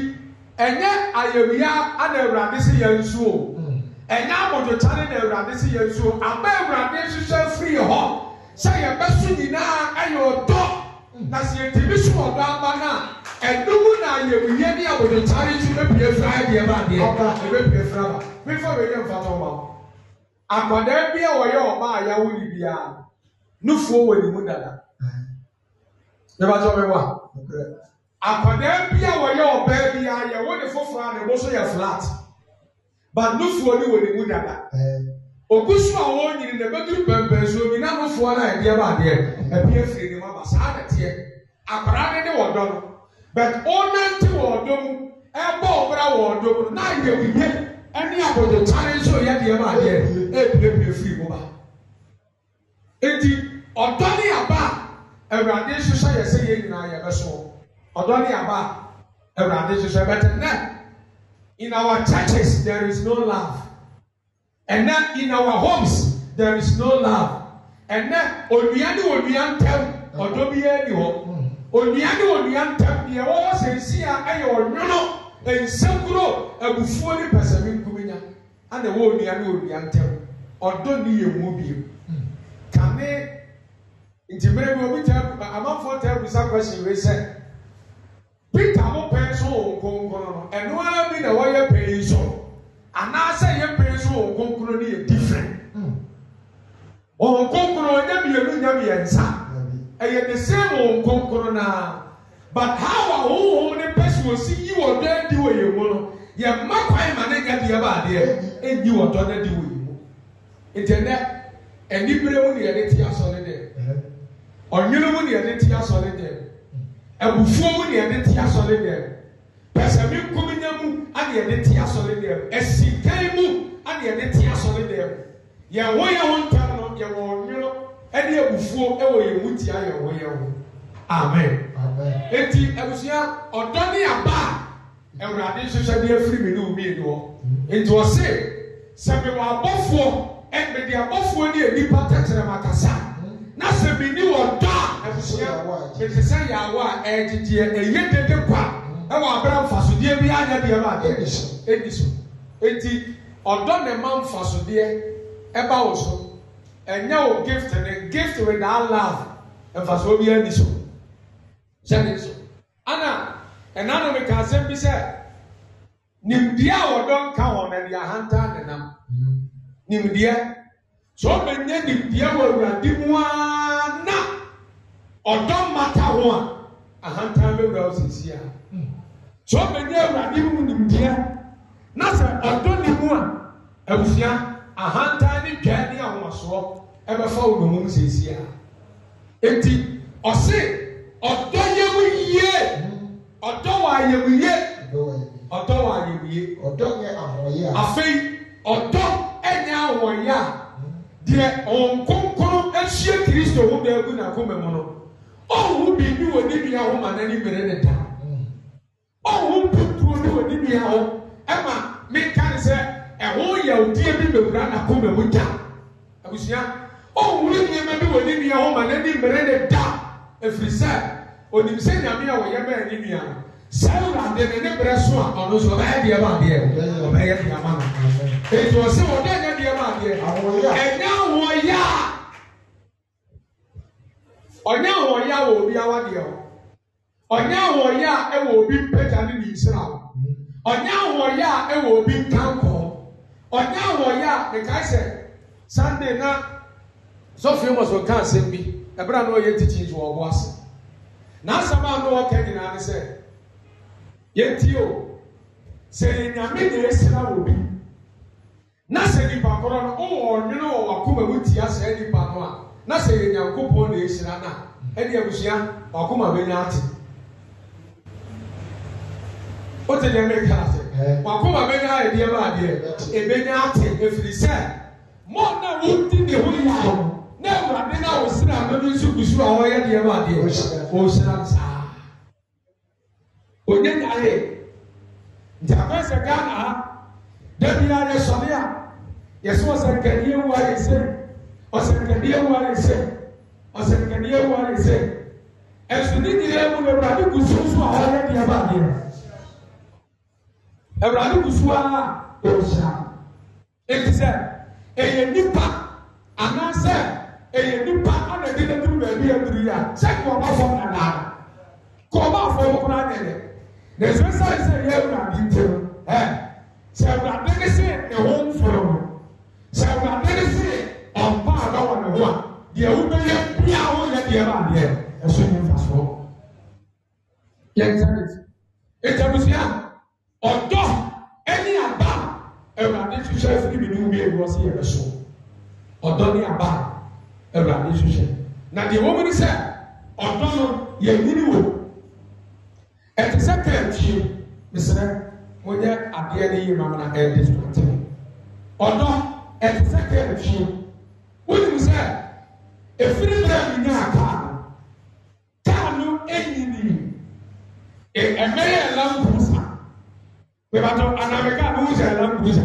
ɛnyɛ ayẹwìyẹ ana ewurade si yɛ nsuo mm. ɛnyɛ abodwokyare na ewurade si yɛ nsuo aba ewurade hyehyɛ firi hɔ sɛ yɛbɛso nyinaa ɛyɛ ɔdɔ na sɛ yɛtumi so ɔdɔ aba no a ɛno mu na ayɛwuyɛ ne a wɔde tare so bɛpie fra adeɛ ba adeɛ ɔba ɛbɛpie fra ba mefa wei ne mfa tɔ ma wo akwadaa bi a wɔyɛ ɔma a yɛawo ne biara nufuo wɔ ne dada yɛba tɔ me wa akwadaa bi a wɔyɛ ɔbaa biara yɛwo ne foforɔ a ne bo so yɛ flat but nufuo ne wɔ ne dada ogu so a wɔnyini na ɛbɛduru pɛmpɛn so omi nanofoɔ no a ɛdeɛ ba adeɛ ɛbi afiri ne mu ama saa nɛteɛ akwadaa ne ne wɔ no but ɔnante wɔ mu ɛbɔ ɔbra wɔ mu na ayɛ wiye ɛne abɔdɔtare nso yɛ deɛ ba adeɛ ɛbiebie firi mu ba eti ɔdɔ ne aba a ɛwurade nso sɛ yɛ sɛ yɛ nyinaa yɛ bɛ so ɔdɔ ne aba a ɛwurade nso sɛ bɛtɛ nɛ in our churches there is no love. And ɛnɛ in our homes there is no love And onua ne onua ntɛm ɔdɔ bi yɛ ni hɔ onua ne onua ntɛm deɛ wɔwɔ sɛnsi a ɛyɛ ɔnwono nsɛnkuro abufuo ne pɛsɛmi nkuminya ana ɛwɔ onua ne onua ntɛm ɔdɔ ne yɛ mu bi kane ntimire bi obi tɛ amanfoɔ tɛ bisa kwesi wei sɛ peter mo pɛn so wɔn nkonkron no ɛnoa bi na wɔyɛ pɛn so anaasɛ yɛ pɛn so wɔn nkonkoro no yɛ different hmm. wɔn nkonkoro nyɛ mmienu nyɛ mmiɛnsa ɛyɛ the same wɔn nkonkoro naa but how a wɔn wɔn ne pɛsi wɔn si yi wɔn dɔn di wɔ yɛn mu no yɛ mma kwan ma ne nka deɛ ba adeɛ ɛnyi wɔn dɔn di wɔ yɛn mu nti nɛ ɛnibire mu ne yɛde ti asɔ ne dɛ ɔnyere mu ne yɛde ti asɔ ne dɛ ɛbufuo hmm. mu ne yɛde ti asɔ ne dɛ pɛsɛmi kum ana yɛde te asɔre dɛm asikan mu ana yɛde te asɔre dɛm yɛwɔ yɛn ho ntam no yɛwɔ ɔnworo ɛne abufuo ɛwɔ e yɛn mu tia yɛwɔ yɛn ho amen eti abusua ɔdɔ ne aba a nhyehyɛ de afiri mi ne omi yi nti ɔse sɛ wɔ abɔfoɔ ɛmi de abɔfoɔ ne enipa tɛtɛrɛ mu akasa na sɛ ni wɔ dɔ abusua mi sɛ yɛ awɔ a ɛgyegyeɛ ɛyɛ dede kwa ɛwɔ abira nfasodeɛ bi anya deɛ no adeɛ ne so ɛni so eti ɔdɔ ne ma nfasodeɛ ɛba wo so ɛnyɛ wo gift ne gift without love nfasoɔ bi ɛni so hyɛ so ana ɛnano ne ka asɛm bi sɛ nimdeɛ a wɔdɔ nka wɔn na deɛ ahantan ne nam nimdeɛ sɛ ɔbɛnyɛ nimdeɛ wɔ awurade mu ara na ɔdɔ mmata ho a ahantan bɛwura wo sisi a sɛ ɔbɛnya awurade mu nimdeɛ na sɛ ɔdɔ ne mu a abusua ahantan ne dwa ne ahomasoɔ ɛbɛfa wɔn mu nsiesie a eti ɔse ɔdɔ yɛ mu yie ɔdɔ wɔ ayɛ mu yie ɔdɔ wɔ ayɛ mu yie ɔdɔ yɛ ahɔyɛ a afei ɔdɔ ɛnyɛ ahɔyɛ a deɛ ɔn kɔnkɔn ahyia kristo ho bɛɛ gu n'akoma n'ani mmerɛ ɔho mpuntuo ne wɔ ne nua ho ɛma meka ne sɛ ɛho yɛ odie bi mɛwura na ko mɛwo gya abusua ɔhuru nneɛma bi wɔ ne nua ho ma n'ani mmere ne da ɛfiri sɛ onim sɛ nyame a wɔyɛ bɛɛ ne nua no saa wurade ne ne brɛ so a ɔno nso ɔbɛyɛ deɛ ma adeɛ ɔbɛyɛ deɛ ma no eti ɔsɛ ɔdɛ ɛnyɛ deɛ ma adeɛ ɛnyɛ ahoɔyɛ a ɔnyɛ ahoɔyɛ a wɔ obi awadeɛ hɔ. ɔnyɛ ahɔyɛ a ɛwɔ e obi mpagya na ne nsiraw ɔnyɛ ahɔyɛ a ɛwɔ e obi nkankɔɔ ɔnyɛ ahɔyɛ a nkae sɛ sunday na sɔfin wɔ so ka asɛm bi ɛbɛrɛ a na ɔyɛ titi nso ɔbɔ ase n'asɛm a na ɔka nyinaa ne sɛ yɛnti o sɛ nyame na esira wɔ na sɛ nipa korɔ na ɔwɔ ɔnwene wɔ wakoma mu tia sɛ nipa no a na sɛ yɛ nyankopɔn na esira na ɛdi abusua wakoma bɛ nya ate. o ti deɛ meka ase wakoma bɛnya adeɛ ma adeɛ ebɛnya ate efiri sɛ mɔ na wo di ne ho yi so na ewurade na wo sena amenu nso gusu a wɔyɛ deɛ ma adeɛ o hyira saa onye nyaye nti abɛsɛ ghana ha dabi a yɛsɔre a yɛsɛ ɔsɛ nkaneɛ wu a yɛsɛ ɔsɛ nkaneɛ wu a yɛsɛ ɔsɛ nkaneɛ wu a yɛsɛ ɛsɛ ne nyinaa mu na ewurade gusu nso a wɔyɛ deɛ awurade bufuo a ɔrehyia eti sɛ ɛyɛ nipa anaasɛ ɛyɛ nipa ana ɛde ne duru baabi aduru yi a sɛ kɔɔba fɔm nanaa kɔɔba fɔm kora ne yɛ na ɛsɛ sɛ sɛ ɛyɛ awurade ntɛm ɛ sɛ awurade ne se ne ho mforo sɛ awurade ne se ɔmpa ada wɔ ne ho a deɛ wobɛyɛ bia woyɛ deɛ ba adeɛ ɛso nyɛ mfa soɔ yɛn sɛ ɛtɛmusua ɔdɔ awurade hyehyɛ afiri bi ne wubie wɔ se yɛbɛ so ɔdɔ ne aba awurade hyehyɛ na deɛ wɔn mu ni sɛ ɔdɔ no yɛnyini wɔ ɛte sɛ kɛntie mesrɛ wonyɛ adeɛ ne yie ma mana ɛyɛ distracte ɔdɔ ɛte sɛ kɛntie wonim sɛ efiri bɛrɛ mi nyaa kaa no kaa no enyini ɛmɛyɛ lampo mebatɔ anamika a mewu sɛ ɛlan kuru sa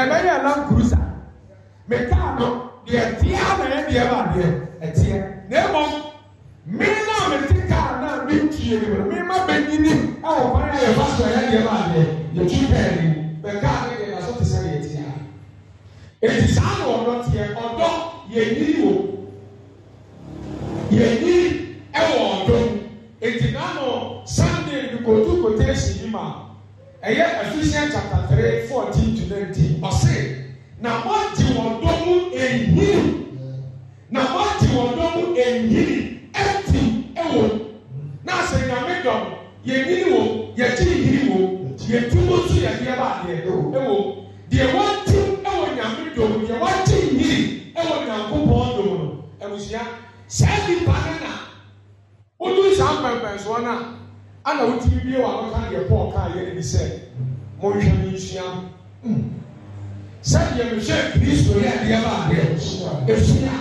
ɛbɛyɛ ɛlan kuru sa meka no deɛ tia na yɛ deɛ ba deɛ ɛteɛ na emom me na mete kaa na me tue ne mu me ma bɛnyini a wɔ kwan a yɛ ba so ɛyɛ deɛ ba deɛ yɛtwi pɛɛ ne mu bɛka ne deɛ na so te sɛ yɛ teɛ eti saa na ɔdɔ teɛ ɔdɔ yɛ nyi wo yɛ nyi ɛwɔ ɔdɔ eti na no sunday kotu kotation yi ma ɛyɛ Ephesians chapter three fourteen to nineteen ɔse na wɔagye wɔn dɔ mu enyini na wɔagye wɔn dɔ mu enyini ɛti ɛwɔ na asɛ nyame dɔm yɛnyini wɔ yɛkyi yiri wɔ yɛtumo nso yɛdeɛ baadeɛ ɛwɔ deɛ wɔagye ɛwɔ nyame dɔm deɛ wɔagye yiri ɛwɔ nyankopɔn dɔm no abusua saa nipa no na wodu saa mpɛmpɛnsoɔ no a ana wotumi bie wɔ abɛka deɛ paul kaa yɛ ne sɛ monhwɛ me nsua hmm. sɛdeɛ mehwɛ kristo yɛ adeɛ ma adeɛ ɛsua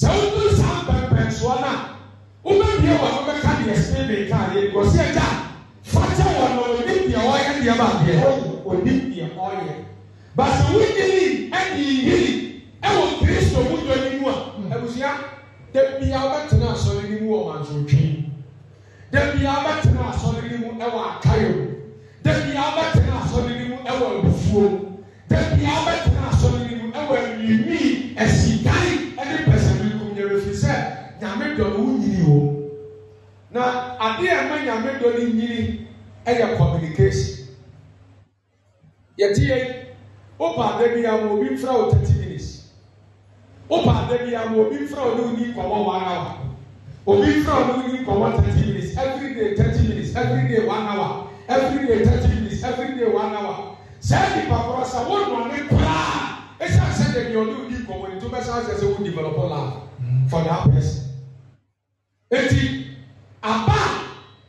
sɛ wodu saa mpɛmpɛnsoɔ no a wobɛbie wɔ abɛka deɛ stephen kaa yɛ kɔ sɛ agya fakyɛ wɔ O ɔnim deɛ ɔyɛ deɛ ma adeɛ ɔnim deɛ ɔyɛ but sɛ wonyini ɛneyiyiri ɛwɔ kristo mu dɔ ni mu a abusua da bia wobɛtena asɔre ni mu wɔ mansotwe dabi abɛtena asɔre ne mu ɛwɔ akayo dabi abɛtena asɔre ne mu ɛwɔ ebufuo dabi abɛtena asɔre ne mu ɛwɔ ewimi ɛsikan ɛne pɛsɛnbi kum yɛ efi sɛ nyame dɔ no nyini o na adeɛ a ɛma nyame dɔ no nyini ɛyɛ communication yɛte yɛ wopa ada bi ama obi mfra wo thirty minutes wopa ada bi ama obi mfra wo ne wo ni kɔmɔ wɔn ara wa obi kan no ni kɔmɔ thirty minutes every day thirty minutes every day one hour every day thirty minutes every day one hour sɛ nipa kɔrɔ sɛ wɔn nɔ ne koraa esi asɛ de ni ɔne odi kɔmɔ ne to bɛ sɛ asɛ sɛ wɔn develop love for that person eti aba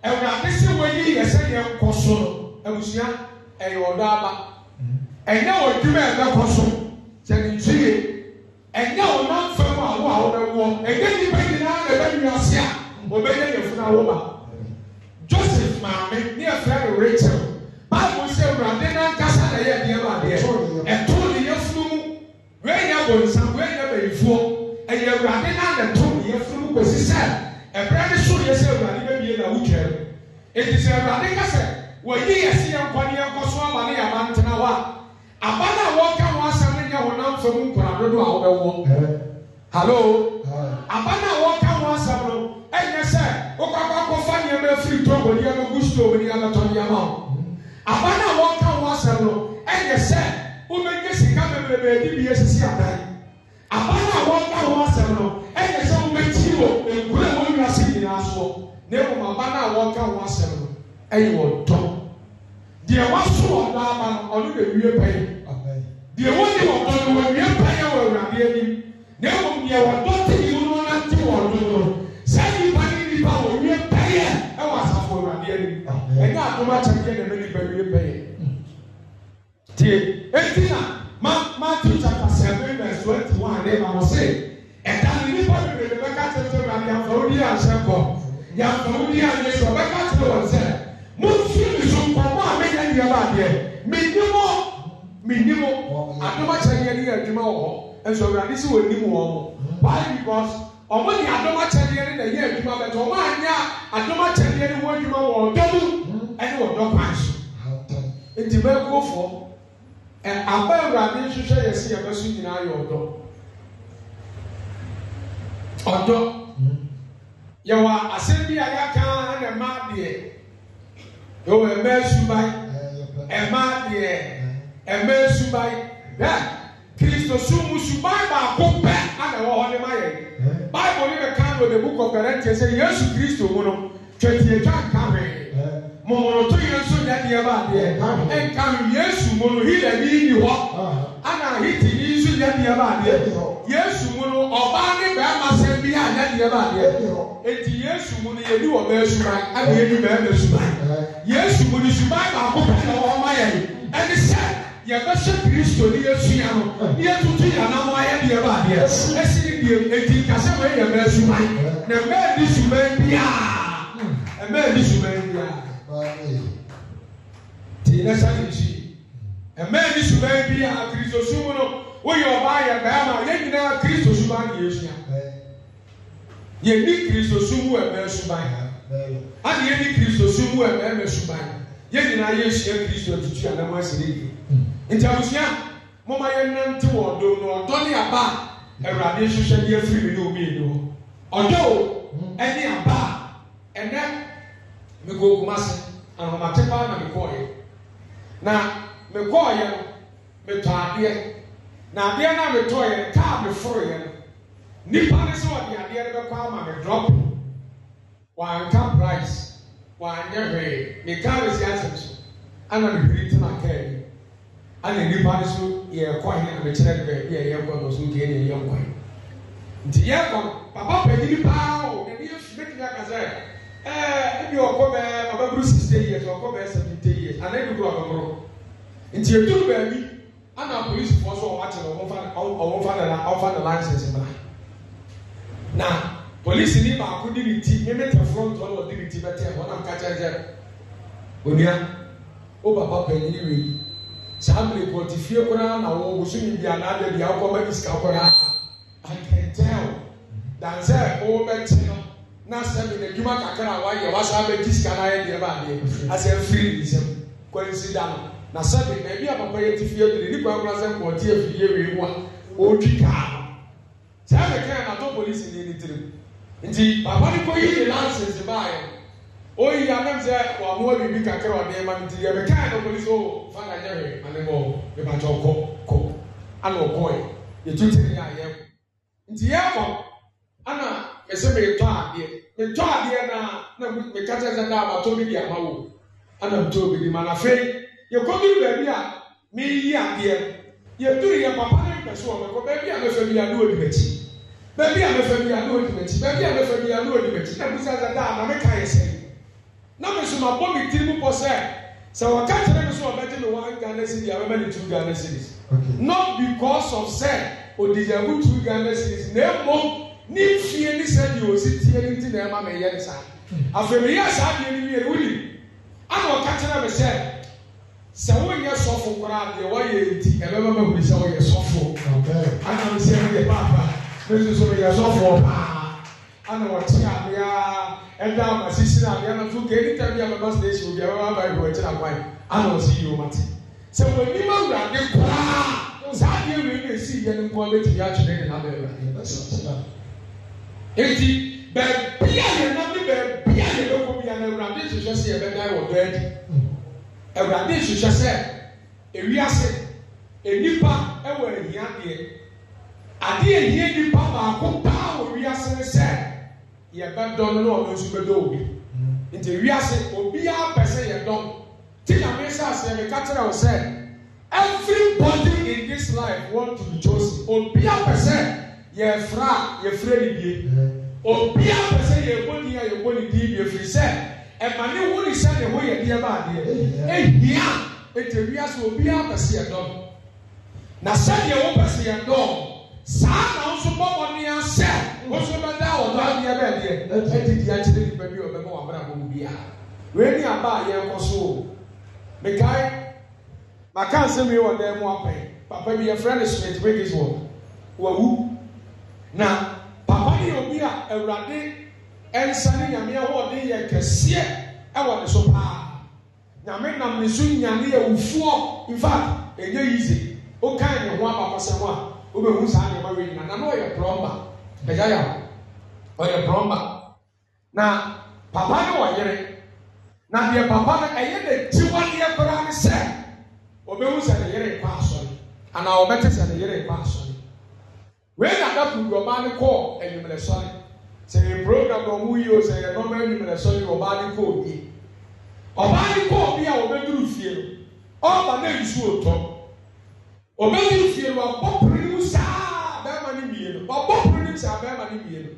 ɛwurade sɛ wɔyi yɛ sɛ yɛ nkɔ so no abusua ɛyɛ ɔdɔ aba ɛnyɛ wɔn dwuma ɛbɛkɔ so sɛ ne ntwi yɛ ɛnyɛ ɔnam fam a wo a wobɛwoɔ ɛnyɛ nnipa nyinaa na ɛbɛnwi ase a wɔbɛnyɛ ne funu awo ba joseph maame ne ɛfrɛ no rachel bible sɛ awurade nankasa na ɛyɛ deɛ ba adeɛ ɛto ne yɛfunu mu wɔanya bɔnsam wɔanya bayifoɔ ɛyɛ awurade na na ɛto ne yɛfunu mu kɔsi sɛ ɛbrɛ ne so yɛ sɛ awurade bɛbie na wotwa mu eti sɛ awurade ka sɛ wɔyi yɛsi yɛn nkɔ ne yɛn kɔ so ama ne yɛn ama ntena hɔ a aba na wɔka wɔn asɛm no nyɛ honam fam nkora dodo a wɔbɛwɔ hallo aba na wɔka wɔn asɛm no ɛnyɛ sɛ wokɔ akɔkɔfa nneɛma afiri tɔnkɔ nneɛma gu store mu nneɛma tɔ nneɛma o aba na wɔka wɔn asɛm no ɛnyɛ sɛ wobɛnyɛ sika bebree bi bi esisi adan aba na wɔka wɔn asɛm no ɛnyɛ sɛ wobɛkyi wɔ nkura wɔn wiase nyinaa soɔ na emu aba na wɔka wɔn asɛm no ɛyɛ wɔn tɔn deɛ waso wɔ daa ma no ɔno na ewie pɛyɛ deɛ wɔdi wɔ dɔ no wɔwie pɛyɛ wɔ awurade anim na emom deɛ wɔdɔ te yi no nante wɔ do no saa nipa ne nipa wɔwie pɛyɛ ɛwɔ asafo awurade anim ɛnyɛ adum akyɛn deɛ na ɛmɛ nipa wie pɛyɛ tie eti na ma ma tu chapter seven verse twenty one ne ma wɔse ɛda ne nipa bebree bɛka kyerɛ awurade afɔwudi ahyɛ kɔ yafɔwudi ahyɛ kɔ bɛka kyerɛ wɔn sɛ mo fi deɛ ba adeɛ menim o menim o adomakyɛ yɛ ne yɛ adwuma wɔ hɔ nso awurade si wɔnim wɔn mo why because ɔmo ne adomakyɛdeɛ ne na yɛ adwuma bɛtɛ ɔmo anya adomakyɛdeɛ ne ho adwuma wɔ ɔdɔ mu ɛne ɔdɔ kwan so nti bɛɛko foɔ ɛ aba awurade nhwehwɛ yɛ si yɛbɛ so nyinaa yɛ ɔdɔ ɔdɔ yɛwɔ asɛm bi a yɛaka na mmaa deɛ yɛwɔ mmaa suban ɛma deɛ ɛma esuban dɛ kristo sumu suban baako pɛ ana ɛwɔ hɔ ne ma yɛ baibu ne bɛ kan do the book of Corinthians sɛ yesu kristo mu no twɛtiɛ twa nka mọmọlọtọ yẹn nso nyɛ nneɛma adeɛ nkan yesu mu no hilani ni hɔ ana hiti ni nso nyɛ nneɛma adeɛ yesu mu no ɔbaa ne bɛrima sɛm bi a nyɛ nneɛma adeɛ eti yesu mu no yɛni wɔ bɛɛ suman ɛna yɛni bɛrima suman yesu mu no suman baako pɛ na wɔn ma yɛ ɛni sɛ yɛbɛhyɛ kristo ni yesu ya no ni etutu yɛ anam ayɛ nneɛma adeɛ ɛsi ni deɛ eti kasa wɔn yɛ bɛɛ suman na mɛɛ ni suman bi a mɛɛ ni suman bi a ti ne sa ne nkyi mmaa bi suban bi a kristo sum no woyɛ ɔbaa yɛ bɛrima yɛn nyinaa kristo suban yɛ esua yɛn ni kristo sum wɔ mmaa suban ana yɛn ni kristo sum wɔ mmarima suban yɛn nyinaa yɛ esua kristo tutu a nam asɛ ne yie nti abusua mɔmɔ yɛn nante wɔ ɔdɔ na ɔdɔ ne aba awurade hyehyɛ ne afiri mi ne omi yɛ ne hɔ ɔdɔ ɛne aba ɛnɛ. mekɔɔ kumase anahomate na mekɔɔeɛ na mekɔɔeɛ no metɔ adeɛ na adeɛ no a metɔeɛ kaa meforoeɛ no nnipa ne sɛ ɔde adeɛ no bɛkɔ ama me drop Wanka price wɔanyɛ hwee ne kaa bɛsi so ana mehwiri kaa nnipa so na mekyerɛ baabi a yɛrekɔ no so deɛ ne nti papa panyini paa o mɛtumi aka sɛ ɛɛ eh, ebi ɔkɔ bɛɛ ɔbɛburu sixty years ɔkɔ bɛɛ seventy years ana ebi kura ɔbɛburu nti etu baabi ana polisi fɔ so ɔmo akyerɛ ɔmo fa ɔmo fa na la ɔfa license mra na polisi ni baako di ne ti mímí tẹ front ɔno ɔdi ne ti bɛtɛ ɔnam kakyɛ kyɛ onua o baba panyin wei saa mmiri pɔti fie koraa na wɔn wosumi bi anaadɛ bi akɔma bi sika koraa I can tell dansɛ ɔwɔ bɛ kyerɛ. na asɛm na adwuma kakra a wayɛ wasa abɛgye sika na ayɛ deɛ baadeɛ asɛm firi nsɛm kwansi da no na na ebi a papa yɛ ti fie dure nipa akora sɛ yɛ wei mu a ɔretwi kaa no na to polisi nti papa ne oyi ya sɛ wamoa biribi kakra ɔde ma nti yɛ na polisi o fa na nyɛ hwɛ ane bɔ ebatɔ kɔ kɔ ana ɔkɔɛ yɛtu tiri yɛ ayɛ mese metɔ adeɛ metɔ adeɛ na na meka kyerɛ sɛ na abatɔ bi di ama wo ana metɔ bi di ma na afei yɛkɔduru baabi a meyi adeɛ yɛduru yɛ papa ne mpɛ so wɔ mɛkɔ baabi a mɛfɛ bi a ne odi m'akyi baabi a mɛfɛ bi a ne odi m'akyi baabi a mɛfɛ bi a ne odi m'akyi na bisa sɛ daa na meka yɛ sɛ na meso ma bɔ me tiri mu pɔ sɛ sɛ wɔka kyerɛ me so ɔbɛgye me one ghana city a bɛbɛ ne two ghana cities not because of sɛ odi yɛ mu two ghana cities ne fie ne sɛ deɛ ɔsi tie ne ti na ɛma ma ɛyɛ ne saa afei mi yɛ saa deɛ ne mi yɛ wuli ana ɔka kyerɛ mi sɛ sɛ wonyɛ sɔfo koraa deɛ wɔyɛ nti ɛbɛma ma wuli sɛ wɔyɛ sɔfo ana mi sɛ wɔyɛ paapa mi nso so yɛ sɔfo paa ana wɔte abea ɛda ama sisi na abea na to ke nita bi a bɛba station obi a bɛba aba ihu ɛkyerɛ akwan ana ɔsi yi o ma te sɛ wɔn anim awurade koraa saa eti baabi a yɛn nam ne baabi a yɛn bɛ kɔ bi yɛn awurade nhyehyɛ sɛ yɛ bɛ dan wɔ dɔ adi awurade nhyehyɛ sɛ ewiase enipa ɛwɔ ehia deɛ ade ehia nipa baako paa wɔ wiase ne sɛ yɛbɛ dɔn no ɔno nso bɛ dɔn obi nti wiase obiara pɛ sɛ yɛ dɔn ti na mi sɛ asɛ mi kakyɛrɛ wɔ sɛ everybody in this life want to be chosen obiara pɛ sɛ yɛfra a yɛfrɛ ne die obia pɛ sɛ yɛbɔ ni a yɛbɔ ne din yɛfiri sɛ ɛma ne wone sɛ ne ho yɛ deɛ baadeɛ ehia ete wiase obia pɛ sɛ yɛdɔm na sɛdeɛ wo pɛ sɛ yɛdɔm saa na nso bɔ mɔnea sɛ woso bɛda ɔdɔ adeɛ bɛɛdeɛ ɛdi di akyerɛ nipa bi o wabra bɔ mu bia wei ni aba a yɛkɔ so o mekae maka nsɛm yi wɔ dan mu apɛ papa bi yɛfrɛ no smith wigis wɔ wawu na papa yɛ obi a awurade nsa ne nyame a wɔde yɛ kɛseɛ wɔ ne so paa nyame nam ne so nyane yɛ wufuo infact ɛnyɛ yize okan ne ho abakɔsɛm a wobɛhu saa nneɛma wei nyina na na ɔyɛ plɔmba ɛgya yɛ ɔyɛ plɔmba na papa ne wɔyere na deɛ papa no ɛyɛ ne tiwaneɛ koraa ne sɛ ɔbɛhu sɛ ne yere nkɔ asɔre anaa ɔbɛte sɛ ne yere nkɔ asɔre wei na dapò ɔbaa e no kɔ enyimlɛsɔre sɛ yɛ program na ɔmo yi o sɛ yɛ nɔɔma enyimlɛsɔre ɔbaa no kɔ obi ɔbaa no kɔ obi a ɔbɛduru fie no ɔba e na nsuo tɔ ɔbɛduru fie no wabɔ pere no saa bɛrima no bie no wabɔ pere no saa bɛrima no bie no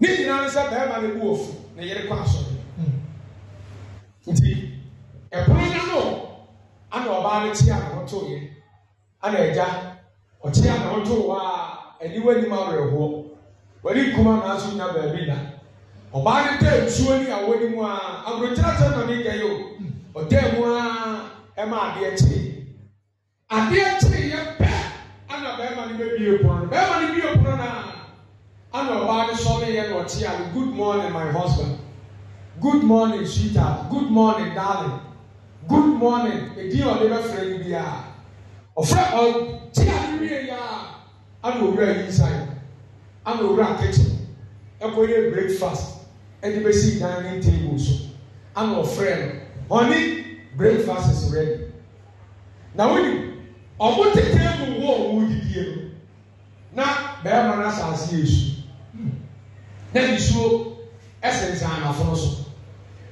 ne nyinaa sɛ bɛrima no bu ofu na yɛre kɔ asɔre nti ɛpono na no ana ɔbaa no kyi a ɔtɔ yɛ ana ɛgya ɔkye a na ɔto hɔ a ɛniwa anim awerɛhoɔ wɔde nkuma na aso nya baabi na ɔbaa no da nsuo ne awɔ ne a aburokyerɛ na ne gɛyɛ ɔda mu a ɛma adeɛ kyee adeɛ kyee yɛ pɛ ana bɛrima no bɛbie pono no bɛrima bie pono no a ana ɔbaa no sɔre yɛ na ɔkye a good morning my husband good morning sweetheart good morning darling good morning edi a ɔde bɛfrɛ no bi a. ɔfrɛ ɔte adewie yɛ a ana owura yi nsan ana owura kitchen ɛkɔ yɛ breakfast ɛde bɛsi dining table so ana ɔfrɛ no ɔne breakfast is ready na wɔn ɔmo te table wɔ ɔmo no na bɛrima no yɛ esu hmm. na nsuo ɛsensɛn anafo no so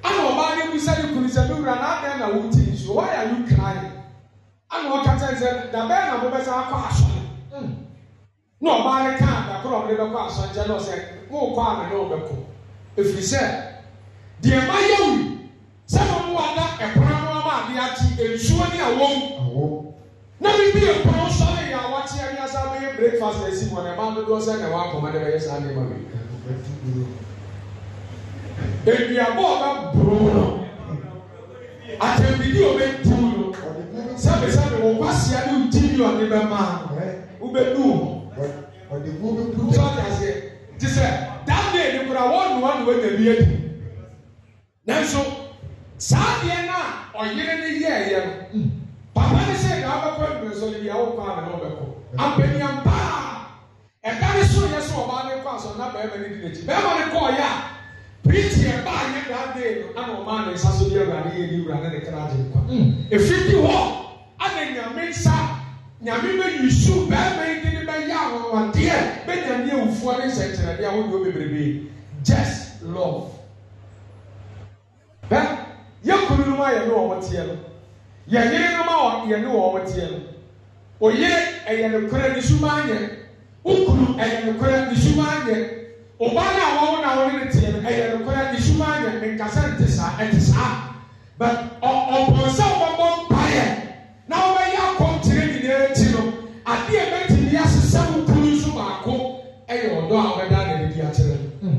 ana ɔbaa no ebusa ne kunu sɛ ne wura na adan na wɔn ti nsuo wɔayɛ ano ana ɔka kyerɛ sɛ dabɛn na mobɛsɛ akɔ asɔre hmm. na ɔbaa ne kaa dakoro ɔmo de bɛkɔ asɔre nkyɛn na ɔsɛ wɔrekɔ ana ne ɔbɛkɔ efiri sɛ deɛ ma yɛ wu sɛ wɔn wa da ɛpono no ama ade akyi nsuo ne awom na bibi ɛpono sɔre yɛ awakye ɛyɛ asa bɛyɛ breakfast na esi wɔn ɛma dodoɔ sɛ na ɛwɔ akɔma de bɛyɛ saa nneɛma bi eduabɔ ɔbɛ buru no atɛnbidi ɔbɛ tu no sẹbi sẹbi wọn wá sí ẹni ojú ni ọdún bẹ máa wọn bẹ dùn wọn. ọdún bẹ dùn. sọ ta se ti sẹ dáadé ni kura wọn nù wọn nù wọn nàbí ẹbí nanso saa deɛ no a ɔyere ne yɛ ɛyɛ no papa ne sɛ ɛdaa bɛkɔ mmerɛsɔ no bia wokɔ a na na ɔbɛkɔ ampanyam paa ɛda ne so yɛ sɛ ɔbaa ne kɔ asɔ na bɛrima ne di n'akyi bɛrima ne kɔɔ yɛ a pirikyi ɛba yɛ daa de no ana ɔmaa ne nsa so de awurade yɛ ne wura ne ne kra agye nkwa efiti hɔ ana nyame nsa nyame bɛ yusu bɛrima yi de ne bɛ yɛ awawadeɛ bɛ nyame awufoɔ ne nsɛnkyerɛdeɛ ahodoɔ bebrebe just love bɛ yɛ kunu no ma yɛ ne wɔn teɛ no yɛ yere no ma yɛ ne wɔn teɛ no oyere ɛyɛ ne korɛ ne suma anyɛ okunu ɛyɛ ne korɛ ne ɔbaa no a na wɔne no teɛ no ɛyɛ nokorɛ ne suma anyɛ nkasa nte saa ɛte saa but ɔpɔn sɛ wɔbɔ mpaeɛ na wɔbɛyɛ akɔntere nyinaa akyi no adeɛ bɛtumi asesɛ wo kuru nso baako ɛyɛ ɔdɔ a wɔbɛda na ne akyerɛ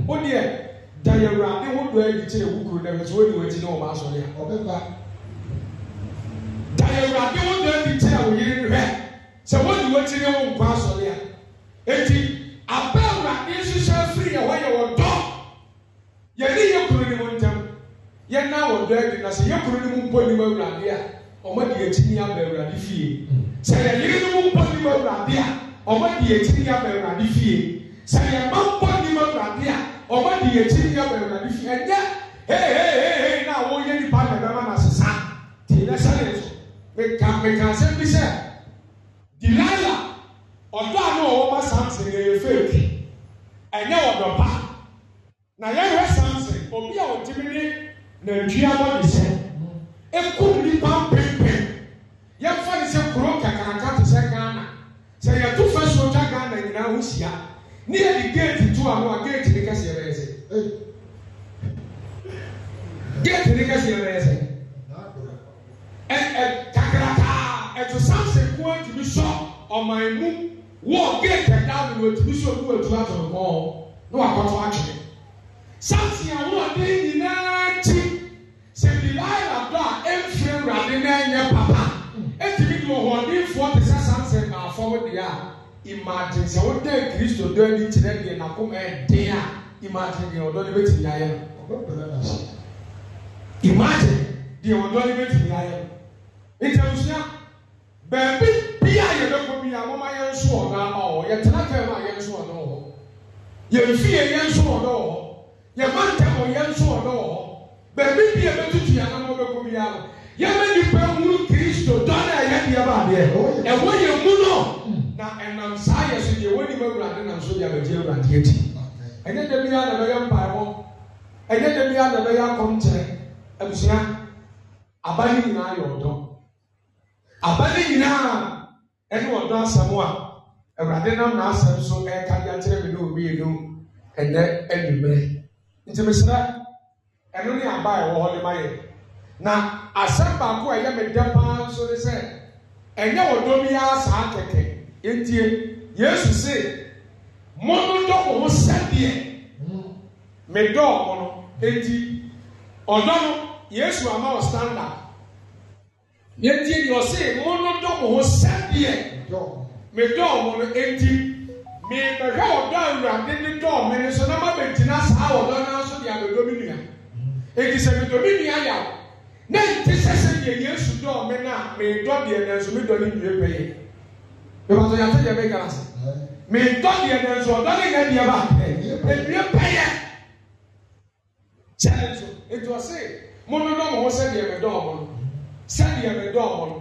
wo deɛ da yɛ awurade ho dɔ adi kyerɛ wo kuru na bɛ so wɔdi wɔakyi ne wɔn asɔre a ɔbɛba ba yɛ awurade ho dɔ adi kyerɛ wo yere hwɛ sɛ wɔdi wɔakyi ne wɔn nkɔ asɔre a eti abɛ awurade nhyehyɛ afiri yɛ hɔ yɛ wɔ dɔ yɛne yɛ kunu ne mu ntɛm yɛna wɔ dɔ adi na sɛ yɛ kunu ne mu mpɔ ne mu awurade a ɔmo de akyini aba awurade fie sɛ yɛ yere ne mu mpɔ ne mu awurade a ɔmo de akyini aba awurade fie sɛ yɛ mma mpɔ ne mu awurade a ɔmo de akyini aba awurade fie ɛnyɛ hee hee hee na wɔyɛ nipa na bɛma na sesa te yɛ sɛ ne so meka meka asɛm bi sɛ delay ɔdɔ a na ɔwɔ ma samson yɛ fake ɛnyɛ ɔdɔ pa na yɛhwɛ samson obi a ɔtumi ne nantwi abɔde sɛ ekum nipa mpempem yɛmfa ne sɛ kuro kakraka te sɛ ghana sɛ yɛto fa so twa ghana nyinaa ho hyia ne yɛde gate to a ho a gate ne kɛseɛ bɛyɛ sɛ gate ne kɛseɛ bɛyɛ sɛ ɛ ɛ kakraka ɛto samson ko atumi sɔ ɔman mu wọ́n gé kẹ̀dá mi wò tìbí sí olú ètò àtọ̀rọ̀ mọ́ ọ ní wà kọ́tọ́ àtúnyẹ. sáàtì àwọn ọdẹ nyinaa ti sẹ dìláìlà dọ a ẹnfẹ wurade náà ẹnyẹ papa ẹtìmí ni wọn ní fọ ti sẹ sánsẹ náà fọwọ́ di a ìmàdì sẹ wọ́n dẹ́ kristo dọ́ ẹni kyerẹ́ di ẹ̀ nàkó ẹ̀ dín a ìmàdì ni ọ̀dọ́ ni bẹ́ẹ̀ ti yá yẹ ìmàdì ni ọ̀dọ́ ni bẹ́ẹ̀ ti yá yẹ ìtẹ̀wùsíà baabi bi a yɛbɛkɔ bi a moma yɛn nso wɔ naa ma wɔ yɛtena fɛn mu a yɛn nso wɔ naa wɔ yɛn fi yɛn yɛn nso wɔ naa wɔ yɛn mantam wɔ yɛn nso wɔ naa wɔ a bi a yɛbɛtutu yɛn nan wɔbɛkɔ bi a yɛbɛ nipa nwuru kristo dɔn a yɛn deɛ ba adeɛ oh, ɛwɔ yɛn mu no hmm. na ɛnam saa yɛ so deɛ wɔn nipa awurade nam so deɛ abɛgye awurade ati ɛnyɛ dɛm yɛ anabɛyɛ mpaebɔ na dɛm yɛ anabɛyɛ akɔnkyerɛ abusua abali nyinaa yɛ ɔdɔn aba ne nyinaa ɛne ɔdɔ asɛm a awurade nam n'asɛm so ɛka de akyerɛ me ne owie no ɛnɛ anwummerɛ nti mesrɛ ɛno ne aba a ɛwɔ hɔ ne ma yɛ na asɛm baako a ɛyɛ me dɛ paa nso ne sɛ ɛnyɛ ɔdɔ biara saa kɛkɛ yɛntie yesu se monnodɔ mo ho sɛdeɛ medɔɔ mo no enti ɔdɔ no yesu ama wɔ standard yɛntie deɛ ɔse mo no dɔ mo ho sɛdeɛ medɔɔ mo no enti mebɛhwɛ ɔdɔ awurade ne dɔɔ me ne so na mabɛgyina saa ɔdɔ no so de abɛdɔ me nua enti sɛ medɔ me nua yaw na nte sɛ sɛdeɛ yesu dɔɔ me no a medɔ deɛ nanso medɔ ne nua bɛyɛ mebatɔ yɛate deɛ mɛgara se medɔ deɛ nanso ɔdɔ ne yɛ deɛ ba ɛnua bɛyɛ kyɛ nso enti ɔse mo no dɔ mo ho sɛdeɛ medɔɔ mo no sɛdeɛ medɔɔ mo no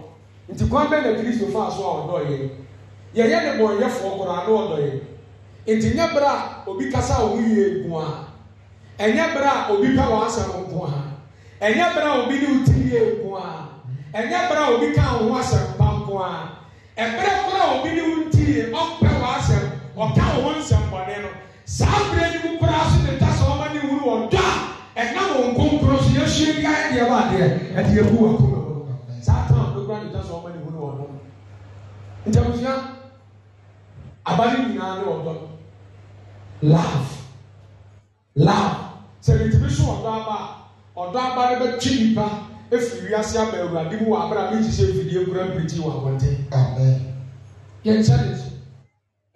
nti kwan bɛ na kristo faa so a ɔdɔɔ yɛ yɛyɛ ne bɔnyɛfoɔ koraa na ɔdɔ yɛ nti nyɛ berɛ obi kasa wo yie nko a ɛnyɛ berɛ obi pɛ w'asɛm nko a ɛnyɛ berɛ obi ne wo ti yie nko ɛnyɛ berɛ obi ka wo ho asɛm pa nko a ɛberɛ korɔ a obi ne wo ti yie ɔmpɛ w'asɛm ɔka wo ho nsɛm bɔne no saa berɛ ne mu koraa so ne ta sɛ ɔma ne wu no ɔdɔ a ɛnam wo nkonkoro so yɛhyia bi ayɛ deɛ ba adeɛ ɛde abu wɔ kura ne gya sɛ ɔma ne hu ne wɔn ho ntɛmusua abali nyinaa ne wɔn dɔ love love sɛ ne tìbi so ɔdɔ aba ɔdɔ aba ne bɛ twi nipa efiri wiase aba awurade mu wɔ abera mi kyekyɛ mfidie kura mpirikyi wɔ abɔnten yɛn nkyɛn ne so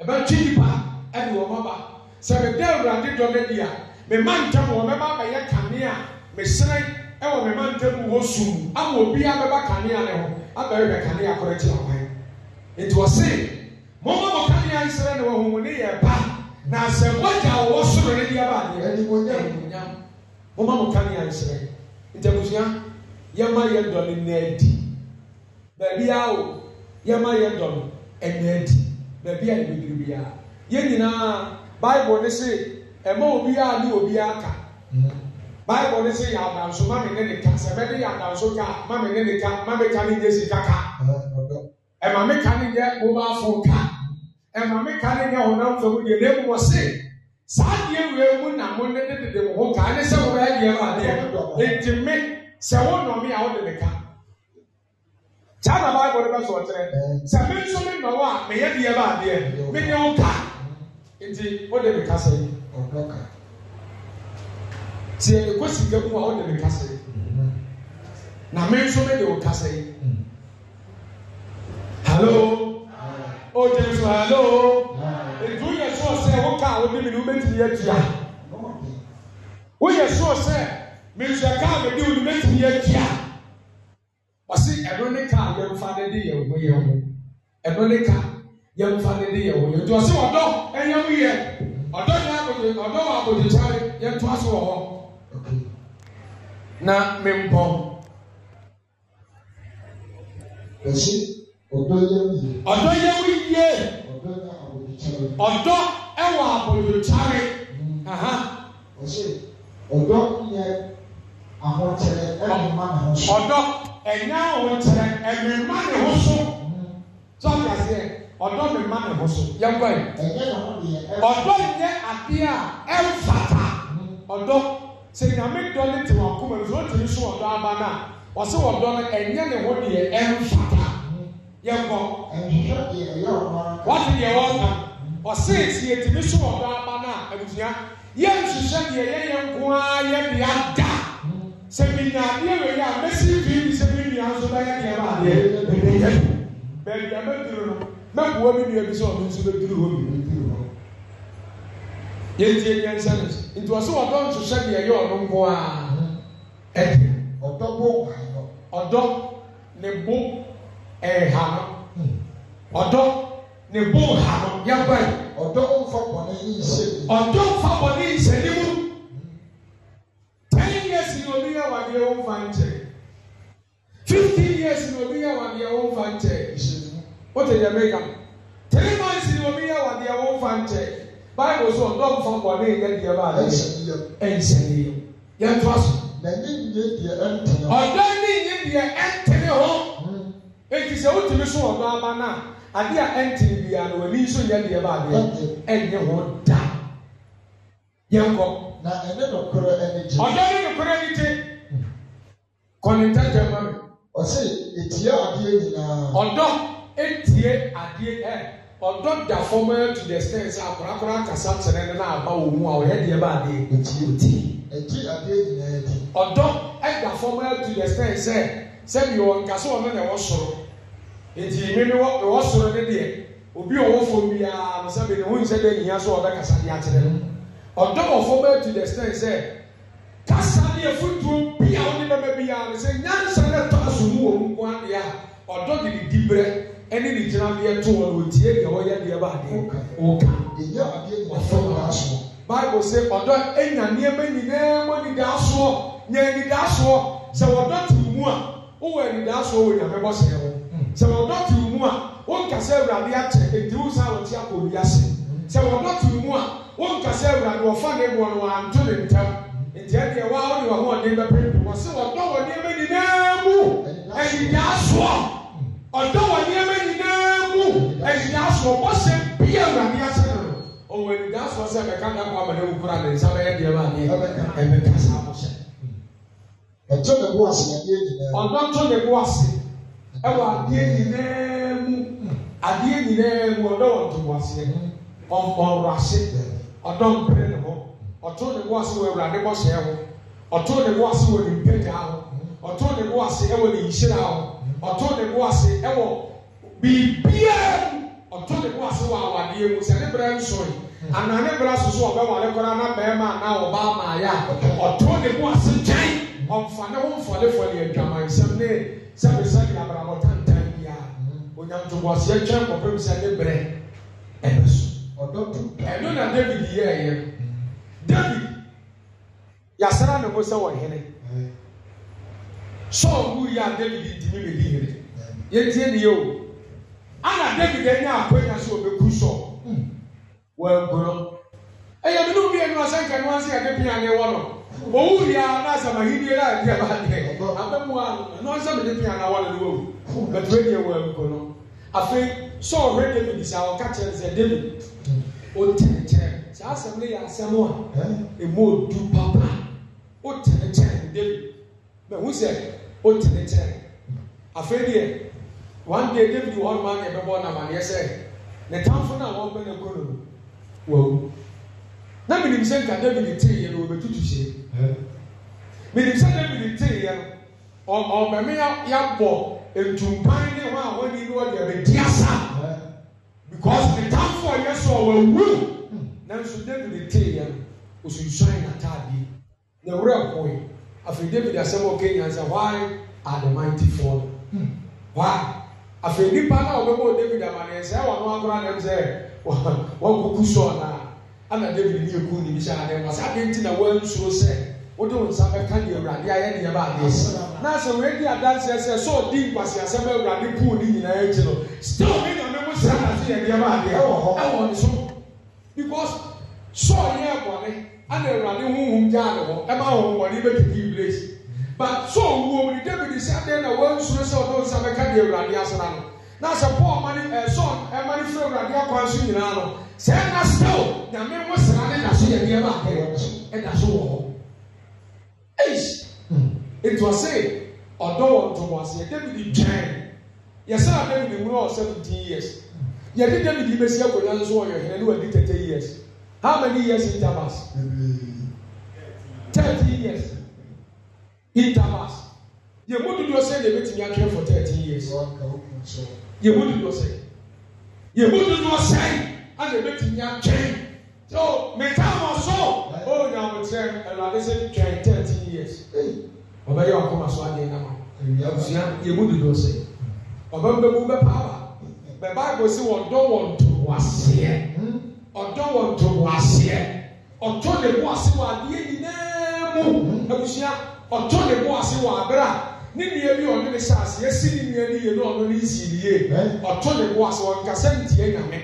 ɛbɛ twi nipa ɛne wɔn aba sɛ ne dɛ awurade dɔ ne deɛ mɛ mma ntɛm wɔn mɛ mma abɛyɛ kanea mɛ srɛ ɛwɔ mɛ mma ntɛm wɔ sum ama obi abɛba kanea ne ho abɛrehwɛ kanea akɔrɛkye ɔkwan nti ɔse mɔmɔ mɔ kanea nsrɛ ne wɔhom ne yɛ ba na sɛ mogya wɔwɔ soro ne deɛ ba deɛ animonyam mɔmɔ mɔ kanea nsrɛ nti abusua yɛma yɛ dɔne na adi baabi a o yɛma yɛ dɔne ɛna adi baabi a yɛ bebiri biara yɛn nyinaa baibul ne se ɛma obi a ne obi aka. Mm -hmm bible ne sɛ yɛ adanso mame ne ne ka sɛ mɛde yɛ adanso ka mame ne ne ka mame ka ne nyɛ sika ka ɛma me ka ne nyɛ mobile phone ka ɛma me ka ne nyɛ honam fam deɛ na mu wɔ se saa deɛ wei mu na mo ne dede wo ho ka ne sɛ wobɛyɛ deɛ ma adeɛ enti me sɛ wonɔme a wode me ka saa na bible ne bɛsɔ ɔkyerɛ sɛ me nso me nnɔwɔ a meyɛ deɛ ma adeɛ me ne wo ka nti wode me ka sɛ ka tí ẹ kó sika mu a ọ̀ dẹ̀ mi kasa yi na mi nso mi dẹ̀ o kasa yi hallo o jẹ nso hallo etu yẹ sọ sẹ o ká o ní mi ní o bẹ ti yẹ tia o yẹ sọ sẹ mi nso ká mi ní o ní bẹ ti yẹ tia wasi ẹnu ní ká yẹ nfa ní di yẹ wo yẹ wo ẹnu ní ká yẹ nfa ní di yẹ wo yẹ nti wasi ọdọ ẹ yẹ mu yẹ ọdọ yẹ ọdọ wà àbòjì kyárì yẹ tó aso wọ họ na mempɔ ɛsi ɔdɔ yɛ wuye ɔdɔ yɛ wuye ɔdɔ ɛwɔ abolokyare mm. aha ɛsi ɔdɔ yɛ ahokyerɛ ɛmema ne ho so ɔdɔ ɛnyɛ ahokyerɛ ɛmema ne ho so mm. sɔ ɔdi aseɛ ɔdɔ mema ne ho so yɛ nkɔ yi ɔdɔ nyɛ adeɛ a ɛmfata mm. ɔdɔ sɛ nyame dɔ ne te wakoma nso ɔtumi so wɔdɔ ama no a wɔse wɔdɔ no ɛnyɛ ne ho deɛ ɛmfata yɛnkɔ wate deɛ wɔnka ɔse sɛ yɛtumi so wɔdɔ ama no a abusua yɛnhyehyɛ deɛ yɛyɛ nko ara yɛdea da sɛ minaadeɛ wei a mɛsi fii sɛ me nua nso bɛyɛ deɛ baadeɛ baabi a mɛduru no mɛboa me nua bi sɛ ɔno nso bɛduru hɔ bi yɛntie nyansa no nti wɔ sɛ wɔdɔ nhyehyɛ deɛ ɛyɛ ɔno nko a ɛde ɔdɔ bo ɔdɔ ne bo ɛha no ɔdɔ ne bo ha no yɛba yi ɔdɔ mfa bɔne nhyɛ ɔdɔ mfa bɔne nhyɛ ne mu ten years na obi yɛ wadeɛ wo mfa nkyɛ fifteen years na obi yɛ wadeɛ wo mfa nkyɛ wote yɛ mɛka three months na obi yɛ wadeɛ wo mfa nkyɛ bible so ɔdɔm fam bɔne yɛ deɛ baa ne ɛnsɛn yɛ yɛnto aso ɔdɔ ne nye deɛ ɛntene ho eti sɛ wotumi so ɔdɔ ama no a ade a ɛntene bia no w'ani nso yɛ deɛ baa deɛ ɛnyɛ ho da yɛnkɔ na ɛne nokorɛ ani gye ɔdɔ ne nokorɛ ani gye kɔnenta gyama mi ɔse etie adeɛ nyinaa ɔdɔ etie adeɛ ɛɛ ɔdɔdda fam to the extent sɛ akorakora akasa kyerɛ no na aba wɔ mu a ɔyɛ deɛ ba adeɛ ekyi oti ekyi adeɛ nyinaa di ɔdɔ ɛda fam to the extent sɛ sɛbi wɔn nkasa wɔn na ɛwɔ soro eti mi mi wɔ ɛwɔ soro ne deɛ obi a ɔwɔ fam biara no sɛbi ne ho nsɛ deɛ nyia so ɔbɛ kasa deɛ akyerɛ no ɔdɔ wɔ to the extent sɛ kasa ne efutuo bia ɔne bɛbɛ biara no sɛ nyansa ne tɔ aso mu wɔ mu nko adeɛ a ɔdɔ de ne di brɛ ɛne ne gyinadeɛ to wɔn wɔtie deɛ wɔyɛ deɛ ba adeɛ ɔka ɛyɛ adeɛ ɔfɔ n'asoɔ bible sɛ ɔdɔ enya nneɛma nyinaa mu anidasoɔ nyɛ anidasoɔ sɛ wɔdɔ te mu a wowɔ anidasoɔ wɔ nyame bɔ sɛ wo sɛ wɔdɔ te mu a wonkasa awurade akyɛ eti wo san wɔte akɔ obi ase sɛ wɔdɔ te mu a wonkasa awurade wɔfa ne boɔ no wɔanto ne ntam nti ɛdeɛ waa wɔde wɔn ho ɔden bɛpɛ wɔn sɛ wɔdɔ wɔn nneɛma nyinaa mu anidasoɔ ɔdɔ wɔ nneɛma nyinaa mu ɛnyina soɔ bɔsɛ bia awurade ase no no ɔwɔ ɛnyina soɔ sɛ ɛbɛka na kɔ amana wukura ne nsa bɛyɛ deɛ ma ne ɛbɛka saa bɔsɛ. ɛtɔ ne bo ase adeɛ nyinaa. ɔdɔ tɔ ne bo ase ɛwɔ adeɛ nyinaa mu adeɛ nyinaa mu ɔdɔ wɔ ntobo ase ɔnkɔnro ase ɔdɔ mpere ne ho ɔtɔ ne bo ase wɔ awurade bɔsɛ ho ɔtɔ ne bo ase wɔ ne mpɛgya ho ɔtɔ ne bo ase ɛwɔ biribiara ɔtɔ ne bo ase wɔ awadeɛ mu sɛ ne brɛ nsɔre ana ne brɛ soso ɔbɛwale koraa na bɛrima na ɔbaa maaya ɔtɔ ne bo ase kyɛn ɔnfa ne ho nfɔlefɔle adwamansɛm ne sɛbisɛ ne abrabɔ tantan biara onyantoboaseɛ twɛn kɔpem sɛ ne brɛ ɛbɛ so ɔdɔ tu ɛno na david yɛ david yasra ne ho sɛ wɔ hene sọọ wu yi a david dimi ne di yere yɛtie ne yɛ o ana david anya akɔnya sɛ ɔbɛku sɔɔ wɔagono ɛyɛ binom bi ɛnu asɛn kɛnu ase yɛ de pia ne wɔ no owu yi a na asamahidie a ɛdi ɛba deɛ abɛmu a ɛnu asɛm de pia na wɔ no no wɔwu bɛtɛ deɛ wɔagono afei sɔɔ hwɛ david sɛ ɔka kyerɛ sɛ david ɔtɛnɛkyɛn saa asɛm no yɛ asɛm a emu odu papa ɔtɛnɛkyɛn david bɛhu sɛ ɔte ne kyɛn afei deɛ one day david wɔ hɔnom a yɛbɛbɔ namaneɛ sɛ ne tamfo no a wɔbɛ no kɔ no no wawu na menim sɛ nka david teeɛ no wɔbɛtutu hyie menim sɛ david teeɛ no ɔbɛme yɛbɔ ntumpan ne hɔ a wɔni ne wɔde abɛdi asa because ne tamfo a yɛ sɛ ɔwawu nanso david teeɛ no ɔsunsuane n'ataadeɛ na ɛwerɛ pɔe afei david asɛm a ɔka why are the mighty fall hmm. why afei nipa na ɔbɛbɔ david amane sɛ wɔn no akora nam sɛ wɔkuku sɔɔ na ana david ni eku ni bihyɛ adan wɔ saa adan ti na wɔnsoro sɛ wɔde wɔn nsa bɛka deɛ awurade ayɛ ne yaba adeɛ si na sɛ wɔadi adanseɛ sɛ sɛ ɔdi nkwasi asɛm awurade puu ne nyinaa akyi no still ne nyame mo sɛ ase yɛ deɛ ba adeɛ ɛwɔ hɔ ɛwɔ ne so because sɔɔ yɛ ɛbɔne ana awurade huhum gyaa ne hɔ ɛma ahohoɔden bɛtete iblis but so owuo ni david sɛ adeɛ e, na wansuro sɛ ɔde nsa bɛka deɛ awurade asena no na sɛ paul ma ne eh, ɛɛ sɔn ɛma eh, ne firi awurade akwan so nyinaa no sɛ ɛna e, sɛw nyame mo sena ne na e, so yɛ nneɛma akɛyɛ wɔ so ɛna so wɔ hɔ eish etu ɔse ɔdɔ wɔ ntɔmɔseɛ david twɛn yɛsɛ na david wura ɔ seventeen years yɛde david bɛsi akonnwa nso wɔ yɛhɛn ne wɔ di thirty years how many years intervals thirty years intervals yẹ mu dodo sẹ na ebetumi atwere for thirty years yẹ mu dodo sẹ yẹ mu dodo sẹ ana ebetumi atwere so mẹta wọn so o na wọn kyerẹ ẹnlade sẹ twẹn thirty years ọbẹ yẹ ọkọ ma so adi ẹ nama yẹ mu dodo sẹ ọbẹ mbẹ mu bẹ paaba bẹ baako si wọn dọ wọn do wọn seẹ ɔdɔ wɔn to wɔn aseɛ ɔtɔ ne bo ase wɔ adeɛ nyinaa mu abusua ɔtɔ ne bo ase wɔ abera ne nua bi ɔne ne saase esi ne nua ne yie no ɔno ne nsi ne yie ɔtɔ ne bo ase wɔn kasa ntie nyame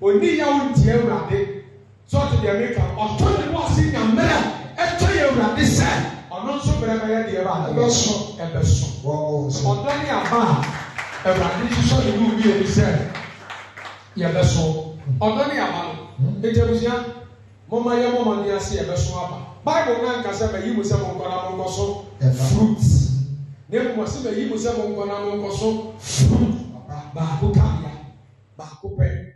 oni yawo ntie awurade sɔɔto deɛ mi ka ɔtɔ ne bo ase nyamera ɛtɔ yɛ awurade sɛ ɔno nso bɛrɛ bɛyɛ deɛ ba ɛbɛ so ɛbɛ so ɔdɔ ne aba awurade nso sɔ ne mu bi ebi sɛ yɛbɛ so ɔdɔ ne aba eti abusua mo ma yɛ mo ma ni ase ɛbɛso aba baibu na nkasa bɛyi mo sɛ mo nkɔ na mo nkɔ so fruit ne mo sɛ bɛyi mo sɛ mo nkɔ na mo nkɔ so fruit baako kabea baako pɛ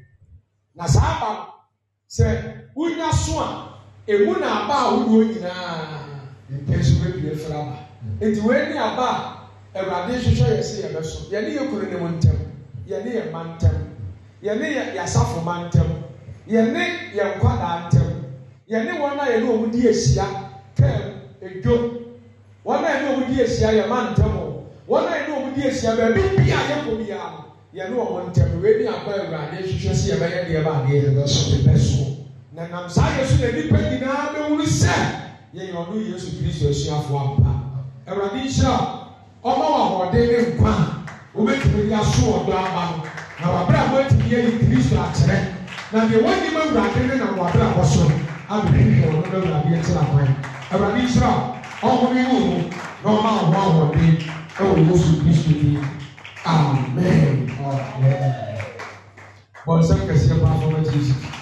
na saa aba sɛ wonya so a emu na aba ahodoɔ nyinaa mpɛnso bebie fira aba eti wei ni aba a ɛwurade nhwehwɛ yɛ se yɛbɛso yɛne yɛ kuro ne mo ntɛm yɛne yɛ mma ntɛm yɛne yɛ yasafo mma ntɛm yɛne yɛn nkwadaa ntɛm yɛne wɔn a yɛne wɔn di ahyia kɛm edwo wɔn a yɛne wɔn di ahyia yɛ ma ntɛm o wɔn a yɛne wɔn di ahyia baabi bi a yɛkɔ bi a yɛne wɔn ntɛm wei akɔ awurade hwehwɛ si yɛbɛyɛ deɛ ba adeɛ yɛ bɛ so bɛ so na nam saa yɛ so na nipa nyinaa bɛwuru sɛ yɛyɛ ɔno yesu kristo asuafo aba awurade nhyira ɔma wɔ ahoɔden ne nkwa a wɔbɛtumi de aso ɔdɔ aba no na wɔabere a wɔatumi yɛ na deɛ wɔn anim awurade ne nam wɔabere abɔ so abɛhwehwɛ wɔn no awurade akyerɛ akwan awurade nhyira ɔhome wɔ mu na ɔma ɔho ahoɔden ɛwɔ yesu kristo ni amen bɔnsɛm kɛseɛ paa fɔmɔ Jesus.